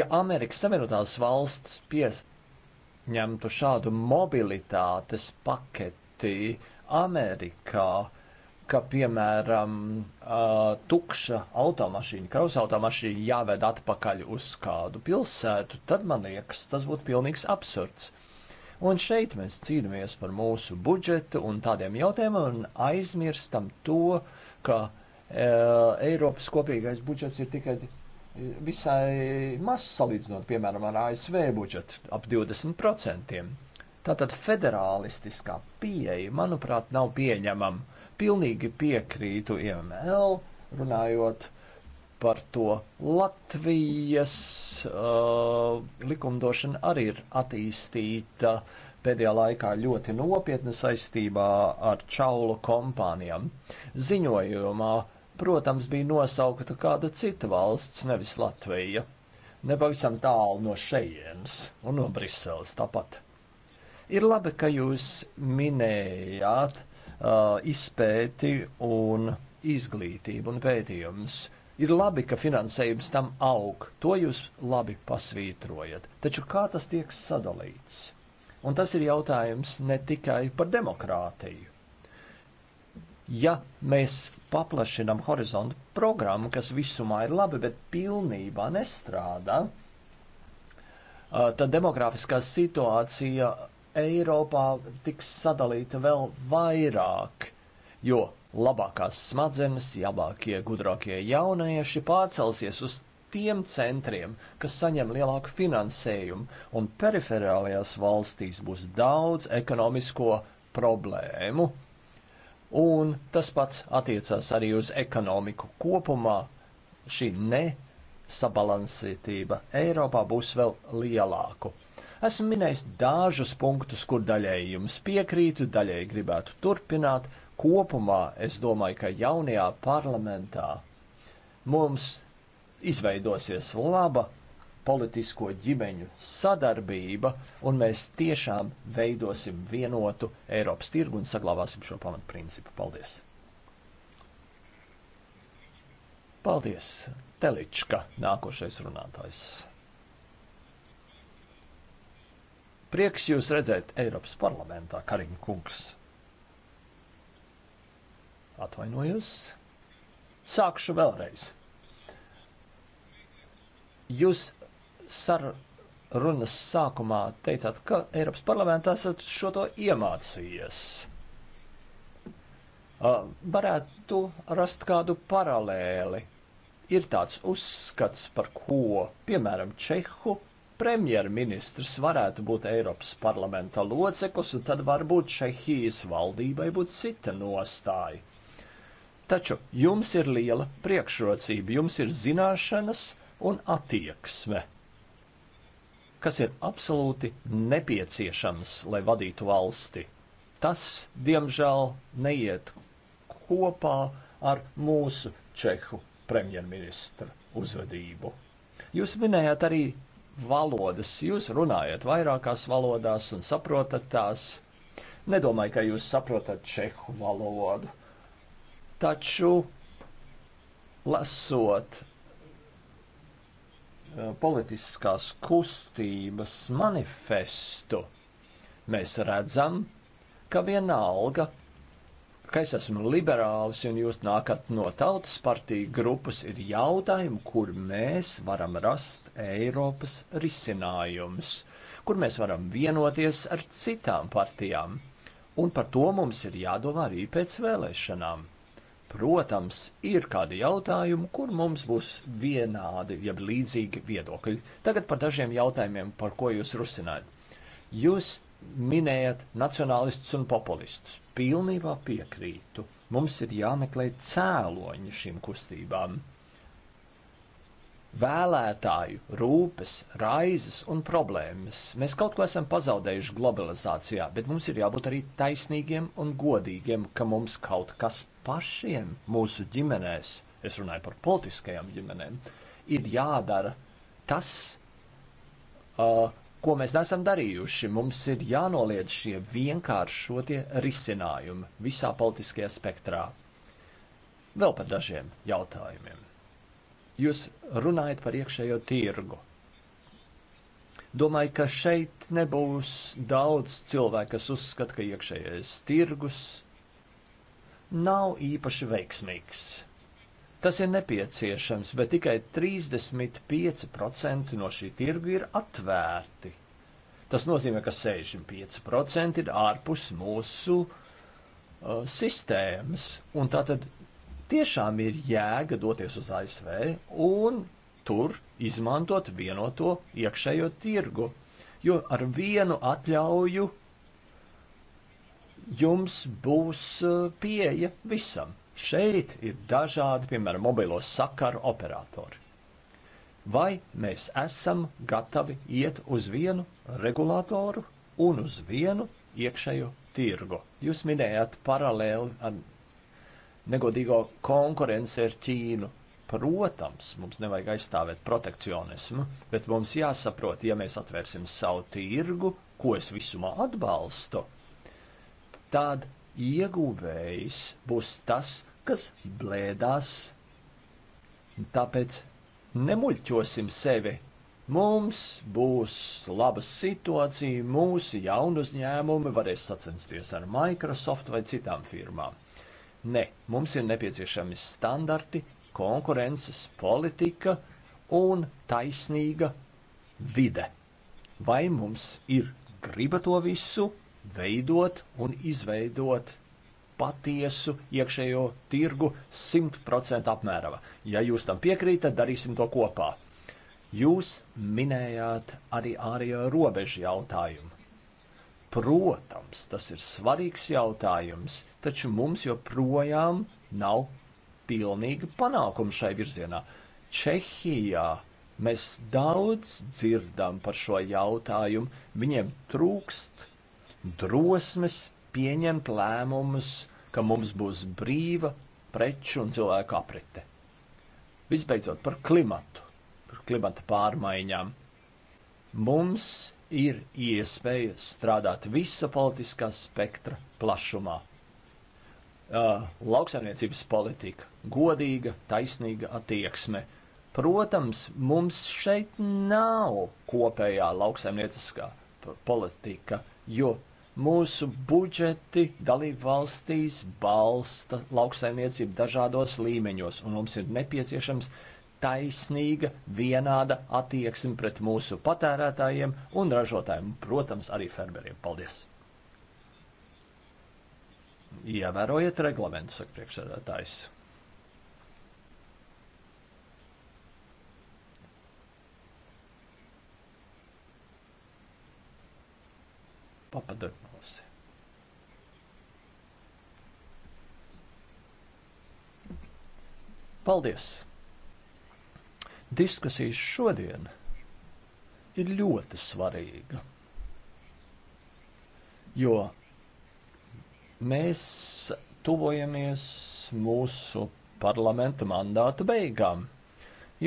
Ja Amerikas Savienotās valsts pieņemtu šādu mobilitātes paketi Amerikā, ka, piemēram, tukša automašīna, kravas automašīna jāved atpakaļ uz kādu pilsētu, tad man liekas, tas būtu pilnīgs absurds. Un šeit mēs cīnāmies par mūsu budžetu un tādiem jautājumiem, un aizmirstam to, ka e, Eiropas kopīgais budžets ir tikai visai maz salīdzinot, piemēram, ar ASV budžetu - ap 20%. Tātad federālistiskā pieeja, manuprāt, nav pieņemama. Pilnīgi piekrītu IML runājot par to Latvijas uh, likumdošana arī ir attīstīta pēdējā laikā ļoti nopietni saistībā ar čaulu kompānijām. Ziņojumā, protams, bija nosaukta kāda cita valsts, nevis Latvija. Nepavisam tālu no šejienes un no Briseles tāpat. Ir labi, ka jūs minējāt uh, Uh, izpēti un izglītību un pētījumus. Ir labi, ka finansējums tam aug, to jūs labi pasvītrojat, taču kā tas tiek sadalīts? Un tas ir jautājums ne tikai par demokrātiju. Ja mēs paplašinām horizontu programmu, kas visumā ir labi, bet pilnībā nestrādā, uh, tad demografiskā situācija Eiropā tiks sadalīta vēl vairāk, jo labākās smadzenes, labākie, gudrākie jaunieši pārcelsies uz tiem centriem, kas saņem lielāku finansējumu, un periferālajās valstīs būs daudz ekonomisko problēmu. Un tas pats attiecās arī uz ekonomiku kopumā. Šī nesabalansētība Eiropā būs vēl lielāka. Esmu minējis dažus punktus, kur daļēji jums piekrītu, daļēji gribētu turpināt. Kopumā es domāju, ka jaunajā parlamentā mums izveidosies laba politisko ģimeņu sadarbība, un mēs tiešām veidosim vienotu Eiropas tirgu un saglabāsim šo pamatprincipu. Paldies! Paldies! Telička, nākošais runātājs. Prieks jūs redzēt Eiropas parlamentā, Kariņa kungs. Atvainojos. Sākšu vēlreiz. Jūs sarunas sākumā teicāt, ka Eiropas parlamentā esat šo to iemācījies. Varētu rast kādu paralēli. Ir tāds uzskats, par ko, piemēram, Čehu premjerministrs varētu būt Eiropas parlamenta loceklis, un tad varbūt Čehijas valdībai būtu cita nostāja. Taču jums ir liela priekšrocība, jums ir zināšanas un attieksme kas ir absolūti nepieciešams, lai vadītu valsti. Tas, diemžēl, neiet kopā ar mūsu cehu premjerministra uzvedību. Jūs minējāt arī valodas. Jūs runājat vairākās valodās un saprotat tās. Nedomāju, ka jūs saprotat čehu valodu. Taču, lasot eh, politiskās kustības manifestu, mēs redzam, ka vienalga ka es esmu liberālis un jūs nākat no tautas partija grupas, ir jautājumi, kur mēs varam rast Eiropas risinājumus, kur mēs varam vienoties ar citām partijām. Un par to mums ir jādomā arī pēc vēlēšanām. Protams, ir kādi jautājumi, kur mums būs vienādi, jeb līdzīgi viedokļi. Tagad par dažiem jautājumiem, par ko jūs rusinājat. Jūs minējat nacionālistus un populistus. Pilnībā piekrītu. Mums ir jāmeklē cēloņi šīm kustībām. Vēlētāju rūpes, raizes un problēmas. Mēs kaut ko esam pazaudējuši globalizācijā, bet mums ir jābūt arī taisnīgiem un godīgiem, ka mums kaut kas pašiem, mūsu ģimenēs, es runāju par politiskajām ģimenēm, ir jādara tas, uh, ko mēs nesam darījuši. Mums ir jānoliedz šie vienkāršotie risinājumi visā politiskajā spektrā. Vēl par dažiem jautājumiem. Jūs runājat par iekšējo tirgu. Domāju, ka šeit nebūs daudz cilvēku, kas uzskata, ka iekšējais tirgus nav īpaši veiksmīgs. Tas ir nepieciešams, bet tikai 35% no šī tirgu ir atvērti. Tas nozīmē, ka 65% ir ārpus mūsu uh, sistēmas. Un tā tad tiešām ir jēga doties uz ASV un tur izmantot vienoto iekšējo tirgu. Jo ar vienu atļauju jums būs uh, pieeja visam. Šeit ir dažādi, piemēram, mobilo sakaru operatori. Vai mēs esam gatavi iet uz vienu regulātoru un uz vienu iekšējo tirgu? Jūs minējāt paralēli ar negodīgo konkurenci ar Ķīnu. Protams, mums nevajag aizstāvēt protekcionismu, bet mums jāsaprot, ja mēs atvērsim savu tirgu, ko es visumā atbalstu, tad ieguvējs būs tas, kas blēdās. Tāpēc nemuļķosim sevi. Mums būs laba situācija, mūsu jaunu uzņēmumi varēs sacensties ar Microsoft vai citām firmām. Nē, mums ir nepieciešami standarti, konkurences politika un taisnīga vide. Vai mums ir griba to visu veidot un izveidot patiesu iekšējo tirgu 100% apmērā. Ja jūs tam piekrītat, darīsim to kopā. Jūs minējāt arī ārējo robežu jautājumu. Protams, tas ir svarīgs jautājums, taču mums joprojām nav pilnīga panākuma šai virzienā. Čehijā mēs daudz dzirdam par šo jautājumu, viņiem trūkst drosmes pieņemt lēmumus, ka mums būs brīva preču un cilvēku aprite. Visbeidzot, par klimatu, par klimata pārmaiņām. Mums ir iespēja strādāt visa politiskā spektra plašumā. Uh, lauksaimniecības politika, godīga, taisnīga attieksme. Protams, mums šeit nav kopējā lauksaimnieciskā politika, jo Mūsu budžeti dalību valstīs balsta lauksaimniecību dažādos līmeņos, un mums ir nepieciešams taisnīga, vienāda attieksme pret mūsu patērētājiem un ražotājiem, protams, arī fermeriem. Paldies! Ievērojiet reglamentu, saka priekšsēdētājs. Papa, Paldies! Diskusijas šodien ir ļoti svarīga, jo mēs tuvojamies mūsu parlamenta mandāta beigām.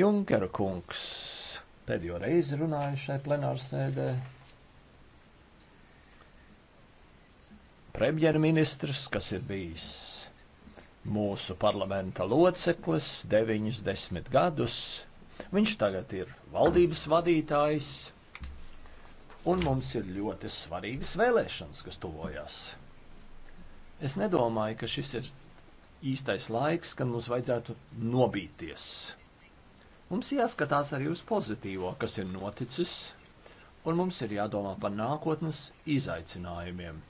Junkera kungs pēdējo reizi runāja šai plenārsēdē. Premjerministrs, kas ir bijis mūsu parlamenta loceklis deviņus desmit gadus. Viņš tagad ir valdības vadītājs, un mums ir ļoti svarīgas vēlēšanas, kas tuvojas. Es nedomāju, ka šis ir īstais laiks, kad mums vajadzētu nobīties. Mums jāskatās arī uz pozitīvo, kas ir noticis, un mums ir jādomā par nākotnes izaicinājumiem.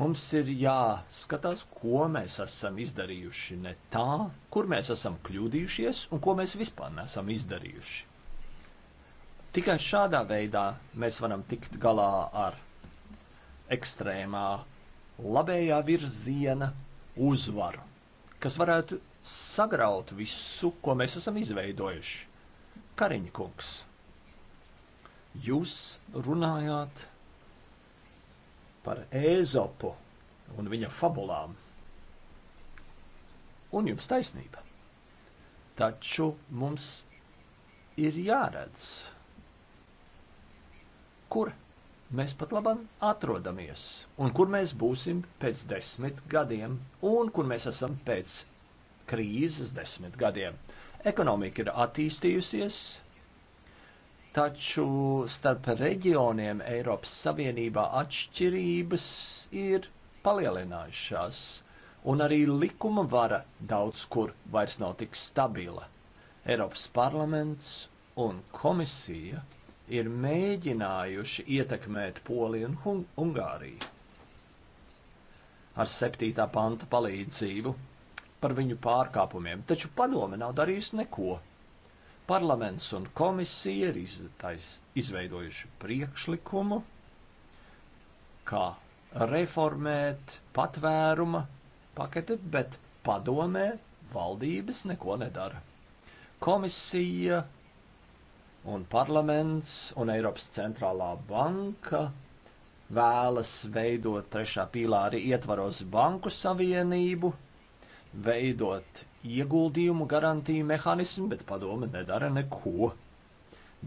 Mums ir jāskatās, ko mēs esam izdarījuši ne tā, kur mēs esam kļūdījušies un ko mēs vispār nesam izdarījuši. Tikai šādā veidā mēs varam tikt galā ar ekstrēmā labējā virziena uzvaru, kas varētu sagraut visu, ko mēs esam izveidojuši. Kariņkungs, jūs runājāt par Ēzopu un viņa fabulām. Un jums taisnība. Taču mums ir jāredz, kur mēs pat labam atrodamies, un kur mēs būsim pēc desmit gadiem, un kur mēs esam pēc krīzes desmit gadiem. Ekonomika ir attīstījusies, Taču starp reģioniem Eiropas Savienībā atšķirības ir palielinājušās, un arī likuma vara daudz kur vairs nav tik stabila. Eiropas parlaments un komisija ir mēģinājuši ietekmēt Poliju un Hung Ungāriju. Ar 7. panta palīdzību par viņu pārkāpumiem, taču padome nav darījusi neko. Parlaments un komisija ir iztais, izveidojuši priekšlikumu, kā reformēt patvēruma paketi, bet padomē valdības neko nedara. Komisija un parlaments un Eiropas centrālā banka vēlas veidot trešā pīlāri ietvaros banku savienību, veidot ieguldījumu garantiju mehānismu, bet padome nedara neko.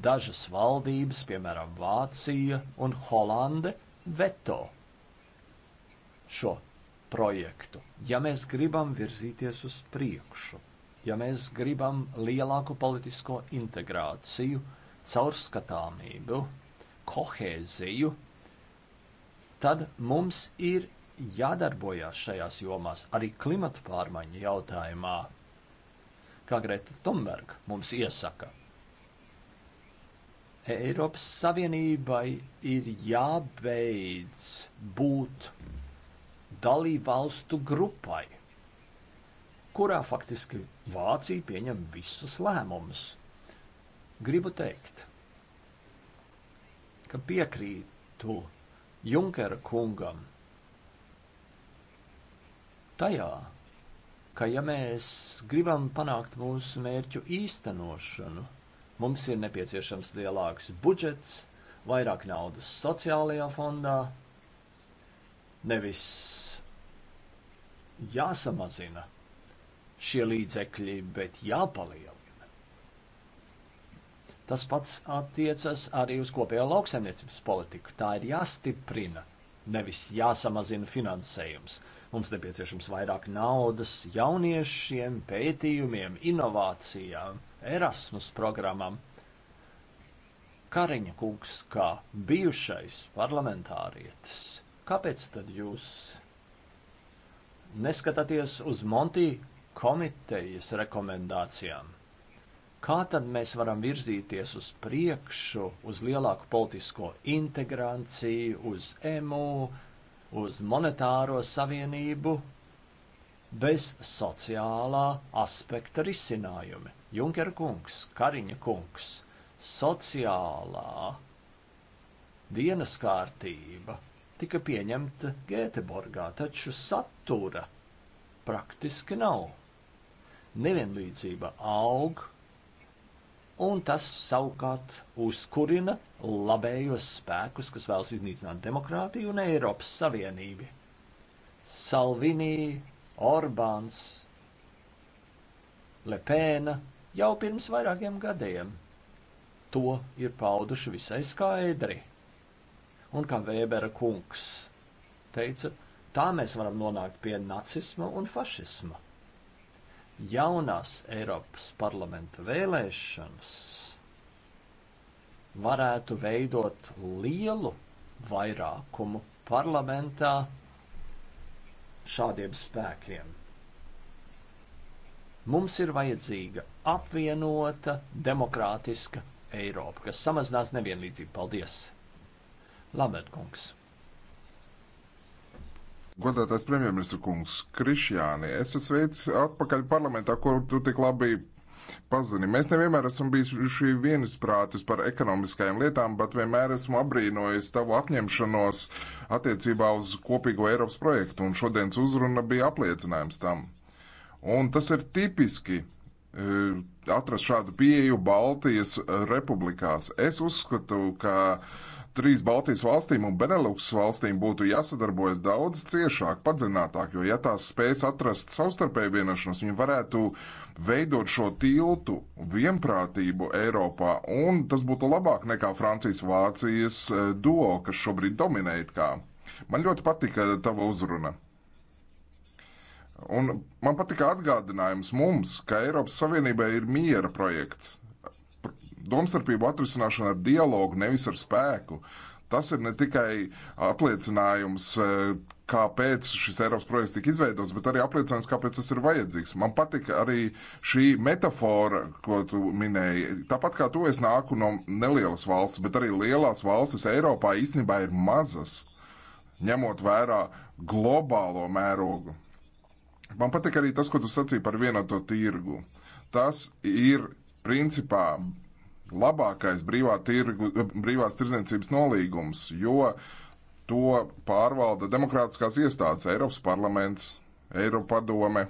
Dažas valdības, piemēram, Vācija un Holande, veto šo projektu. Ja mēs gribam virzīties uz priekšu, ja mēs gribam lielāku politisko integrāciju, caurskatāmību, kohēziju, tad mums ir jādarbojās šajās jomās arī klimata pārmaiņu jautājumā, kā Greta Thunberg mums iesaka. Eiropas Savienībai ir jābeidz būt dalībvalstu grupai, kurā faktiski Vācija pieņem visus lēmumus. Gribu teikt, ka piekrītu Junkera kungam tajā, ka ja mēs gribam panākt mūsu mērķu īstenošanu, mums ir nepieciešams lielāks budžets, vairāk naudas sociālajā fondā, nevis jāsamazina šie līdzekļi, bet jāpalielina. Tas pats attiecas arī uz kopējo lauksaimniecības politiku. Tā ir jāstiprina, nevis jāsamazina finansējums. Mums nepieciešams vairāk naudas jauniešiem, pētījumiem, inovācijām, Erasmus programmam. Kariņa kungs, kā bijušais parlamentārietis, kāpēc tad jūs neskatāties uz Monti komitejas rekomendācijām? kā tad mēs varam virzīties uz priekšu, uz lielāku politisko integrāciju, uz emu, uz monetāro savienību bez sociālā aspekta risinājumi. Junker kungs, Kariņa kungs, sociālā dienas kārtība tika pieņemta Gēteborgā, taču satura praktiski nav. Nevienlīdzība aug, un tas savukārt uzkurina labējos spēkus, kas vēlas iznīcināt demokrātiju un Eiropas Savienību. Salvini, Orbāns, Lepēna jau pirms vairākiem gadiem to ir pauduši visai skaidri. Un kā Vēbera kungs teica, tā mēs varam nonākt pie nacisma un fašisma jaunās Eiropas parlamenta vēlēšanas varētu veidot lielu vairākumu parlamentā šādiem spēkiem. Mums ir vajadzīga apvienota, demokrātiska Eiropa, kas samazinās nevienlīdzību. Paldies! Lambertkungs! Godātais premjerministra kungs, Krišjāni, es esmu sveicis atpakaļ parlamentā, kur tu tik labi pazini. Mēs nevienmēr esam bijuši vienisprātis par ekonomiskajām lietām, bet vienmēr esmu apbrīnojis tavu apņemšanos attiecībā uz kopīgo Eiropas projektu, un šodienas uzruna bija apliecinājums tam. Un tas ir tipiski e, atrast šādu pieeju Baltijas republikās. Es uzskatu, ka trīs Baltijas valstīm un Benelux valstīm būtu jāsadarbojas daudz ciešāk, padziļinātāk, jo, ja tās spējas atrast savstarpēju vienošanos, viņi varētu veidot šo tiltu, vienprātību Eiropā, un tas būtu labāk nekā Francijas-Vācijas eh, duo, kas šobrīd dominē it kā. Man ļoti patika tava uzruna. Un man patika atgādinājums mums, ka Eiropas Savienībai ir miera projekts, Domstarpību atrisināšana ar dialogu, nevis ar spēku. Tas ir ne tikai apliecinājums, e, kāpēc šis Eiropas projekts tika izveidots, bet arī apliecinājums, kāpēc tas ir vajadzīgs. Man patika arī šī metāfora, ko tu minēji. Tāpat kā tu, es nāku no nelielas valsts, bet arī lielās valstis Eiropā īstenībā ir mazas, ņemot vērā globālo mērogu. Man patika arī tas, ko tu sacīji par vienoto tirgu. Tas ir principā labākais brīvā tirgu, brīvās tirdzniecības nolīgums, jo to pārvalda demokrātiskās iestādes, Eiropas parlaments, Eiropa padome.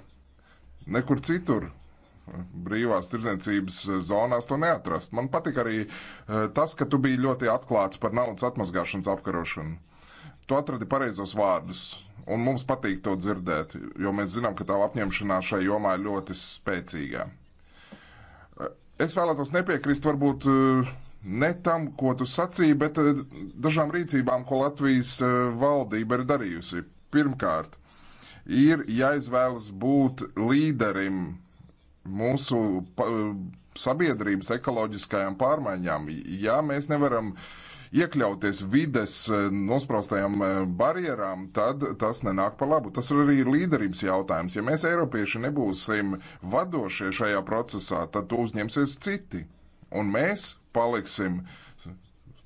Nekur citur brīvās tirdzniecības zonās to neatrast. Man patika arī eh, tas, ka tu biji ļoti atklāts par naudas atmazgāšanas apkarošanu. Tu atradi pareizos vārdus, un mums patīk to dzirdēt, jo mēs zinām, ka tā apņemšanās šai jomā ir ļoti spēcīga. Es vēlētos nepiekrist varbūt eh, ne tam, ko tu sacīji, bet eh, dažām rīcībām, ko Latvijas eh, valdība ir darījusi. Pirmkārt, ir jāizvēlas būt līderim mūsu sabiedrības ekoloģiskajām pārmaiņām. Ja mēs nevaram uh, iekļauties vides eh, nospraustajām eh, barjerām, tad tas nenāk pa labu. Tas arī ir līderības jautājums. Ja mēs eiropieši nebūsim vadošie šajā procesā, tad to uzņemsies citi. Un mēs paliksim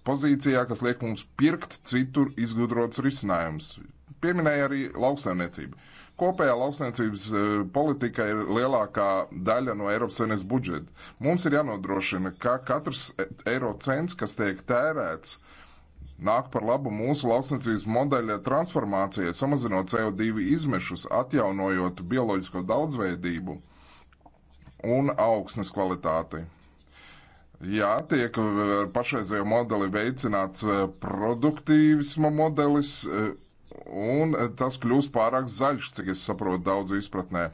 pozīcijā, kas liek mums pirkt citur izgudrots risinājums. Pieminēja arī lauksaimniecību. Kopējā lauksaimniecības e, politika ir lielākā daļa no Eiropas Savienības budžeta. Mums ir jānodrošina, ka katrs e, eiro cents, kas tiek tērēts, nāk par labu mūsu lauksaimniecības modeļa transformācijai, samazinot CO2 izmešus, atjaunojot bioloģisko daudzveidību un augsnes kvalitāti. Jā, tiek e, ar pašreizējo modeli veicināts produktīvisma modelis, un tas kļūst pārāk zaļš, cik es saprotu daudzu izpratnē.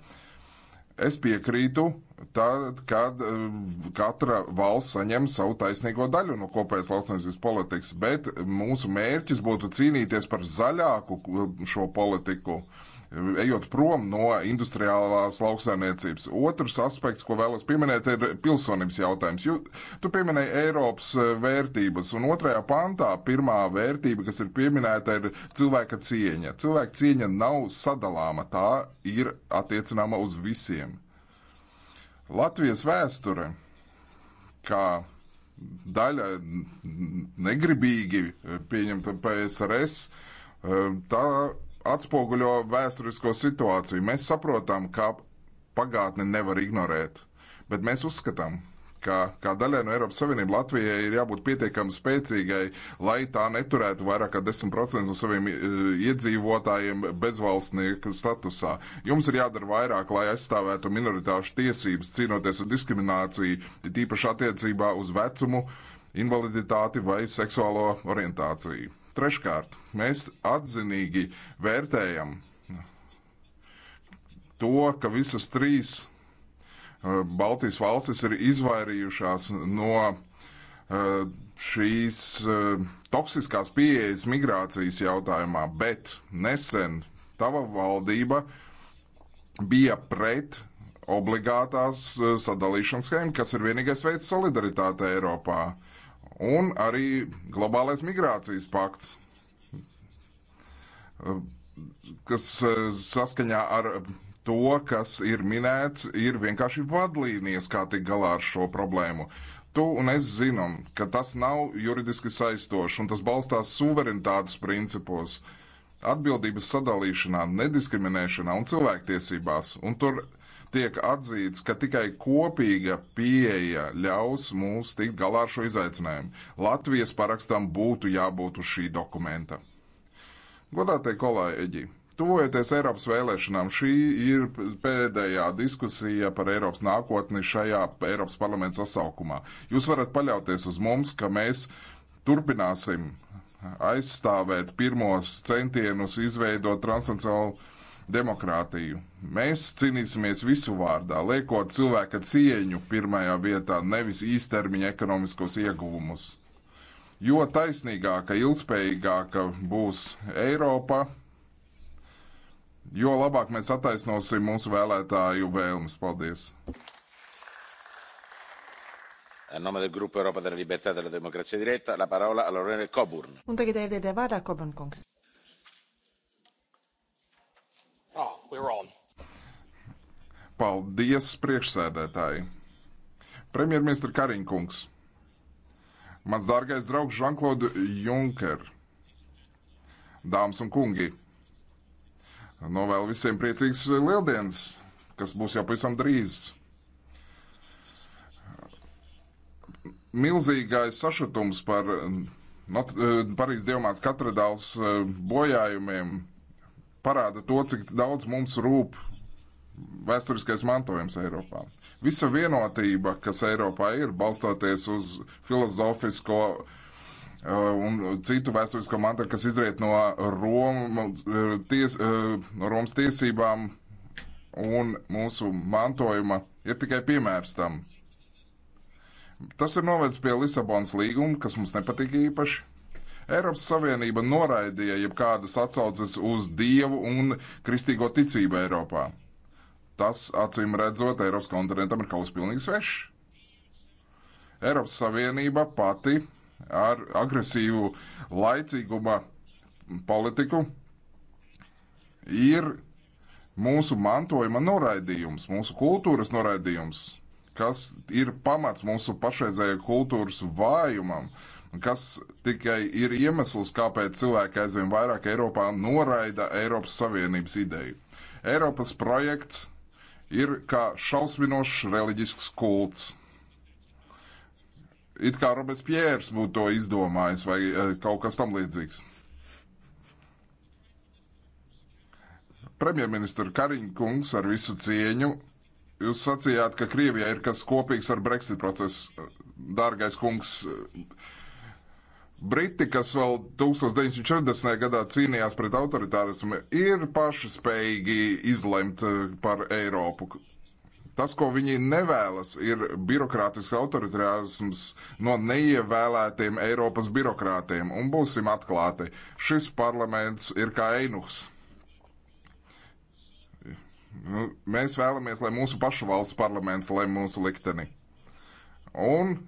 Es piekrītu, tad, kad eh, katra valsts saņem savu taisnīgo daļu no kopējas lauksainicības politikas, bet mūsu mērķis būtu cīnīties par zaļāku eh, šo politiku. Uh, ejot prom no industriālās lauksaimniecības. Otrs aspekts, ko vēlos pieminēt, ir pilsonības jautājums. Jū, tu pieminēji Eiropas eh, vērtības, un otrajā pantā pirmā vērtība, kas ir pieminēta, ir cilvēka cieņa. Cilvēka cieņa nav sadalāma, tā ir attiecināma uz visiem. Latvijas vēsture, kā daļa negribīgi eh, pieņemta PSRS, eh, tā atspoguļo vēsturisko situāciju. Mēs saprotam, ka pagātni nevar ignorēt, bet mēs uzskatām, ka kā daļai no Eiropas Savienības Latvijai ir jābūt pietiekami spēcīgai, lai tā neturētu vairāk kā 10% no saviem e, iedzīvotājiem bezvalstnieku statusā. Jums ir jādara vairāk, lai aizstāvētu minoritāšu tiesības, cīnoties ar diskrimināciju, tīpaši attiecībā uz vecumu, invaliditāti vai seksuālo orientāciju. Treškārt, mēs atzinīgi vērtējam to, ka visas trīs eh, Baltijas valstis ir izvairījušās no eh, šīs eh, toksiskās pieejas migrācijas jautājumā, bet nesen tava valdība bija pret obligātās sadalīšanas schēmu, kas ir vienīgais veids solidaritāte Eiropā. Un arī globālais migrācijas pakts, kas eh, saskaņā ar to, kas ir minēts, ir vienkārši vadlīnijas, kā tikt galā ar šo problēmu. Tu un es zinām, ka tas nav juridiski saistošs un tas balstās suverenitātes principos, atbildības sadalīšanā, nediskriminēšanā un cilvēktiesībās. Un tur tiek atzīts, ka tikai kopīga pieeja ļaus mums tikt galā ar šo izaicinājumu. Latvijas parakstam būtu jābūt uz šī dokumenta. Godātie kolēģi, tuvojoties Eiropas vēlēšanām, šī ir pēdējā diskusija par Eiropas nākotni šajā Eiropas parlamenta sasaukumā. Jūs varat paļauties uz mums, ka mēs turpināsim aizstāvēt pirmos centienus izveidot transnacionālu demokrātiju. Mēs cīnīsimies visu vārdā, liekot cilvēka cieņu pirmajā vietā, nevis īstermiņa ekonomiskos ieguvumus. Jo taisnīgāka, ilgspējīgāka būs Eiropa, jo labāk mēs attaisnosim mūsu vēlētāju vēlmes. Paldies! A nome del gruppo Europa della Libertà e della Democrazia Diretta, la parola all'onorevole Coburn. Un tagad ir vārdā Coburn kungs. Oh, we're on. Paldies, priekšsēdētāji. Premjerministra Kariņkungs. Mans dārgais draugs Žanklods Junker. Dāmas un kungi. Novēlu visiem priecīgas lieldienas, kas būs jau pavisam drīz. Milzīgais sašutums par eh, Parīzes dievmāts katradāls eh, bojājumiem parāda to, cik daudz mums rūp vēsturiskais mantojums Eiropā. Visa vienotība, kas Eiropā ir, balstoties uz filozofisko uh, un citu vēsturisko mantojumu, kas izriet no Roma, uh, ties, no uh, Romas tiesībām un mūsu mantojuma, ir tikai piemērs tam. Tas ir novedis pie Lisabonas līguma, kas mums nepatīk īpaši Eiropas Savienība noraidīja jebkādas atsauces uz dievu un kristīgo ticību Eiropā. Tas, acīm redzot, Eiropas kontinentam ir kaut kas pilnīgi svešs. Eiropas Savienība pati ar agresīvu laicīguma politiku ir mūsu mantojuma noraidījums, mūsu kultūras noraidījums, kas ir pamats mūsu pašreizējai kultūras vājumam, uh, kas tikai ir iemesls, kāpēc cilvēki aizvien vairāk Eiropā noraida Eiropas Savienības ideju. Eiropas projekts ir kā šausminošs reliģisks kults. It kā Robes Pjērs būtu to izdomājis vai e, kaut kas tam līdzīgs. Premjerministra Kariņkungs ar visu cieņu Jūs sacījāt, ka Krievijai ir kas kopīgs ar Brexit procesu. Dārgais kungs, Briti, kas vēl 1940. gadā cīnījās pret autoritārismu, ir paši spējīgi izlemt eh, par Eiropu. Tas, ko viņi nevēlas, ir birokrātisks autoritārisms no neievēlētiem Eiropas birokrātiem. Un būsim atklāti, šis parlaments ir kā einuks. Nu, mēs vēlamies, lai mūsu pašu valsts parlaments lem mūsu likteni. Un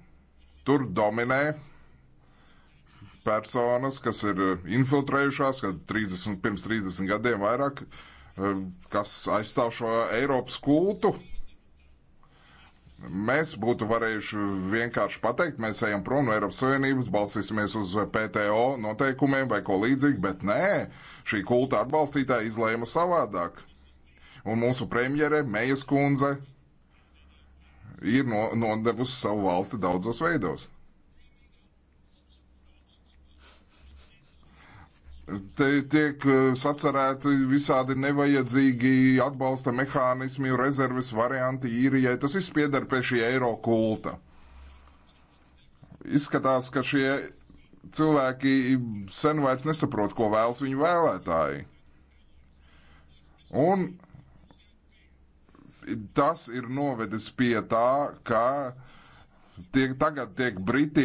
tur dominē personas, kas ir eh, infiltrējušās, kad 30, pirms 30 gadiem vairāk, eh, kas aizstāv šo Eiropas kultu. Mēs būtu varējuši vienkārši pateikt, mēs ejam prom no Eiropas Savienības, balsīsimies uz eh, PTO noteikumiem vai ko līdzīgu, bet nē, šī kulta atbalstītāja izlēma savādāk. Un mūsu premjere, Mejas kundze, ir no, nodevusi savu valsti daudzos veidos. Te tiek eh, sacerēti visādi nevajadzīgi atbalsta mehānismi, rezerves varianti īrijai. Tas viss pieder pie šī eiro kulta. Izskatās, ka šie cilvēki sen vairs nesaprot, ko vēlas viņu vēlētāji. Un tas ir novedis pie tā, ka tiek, tagad tiek Briti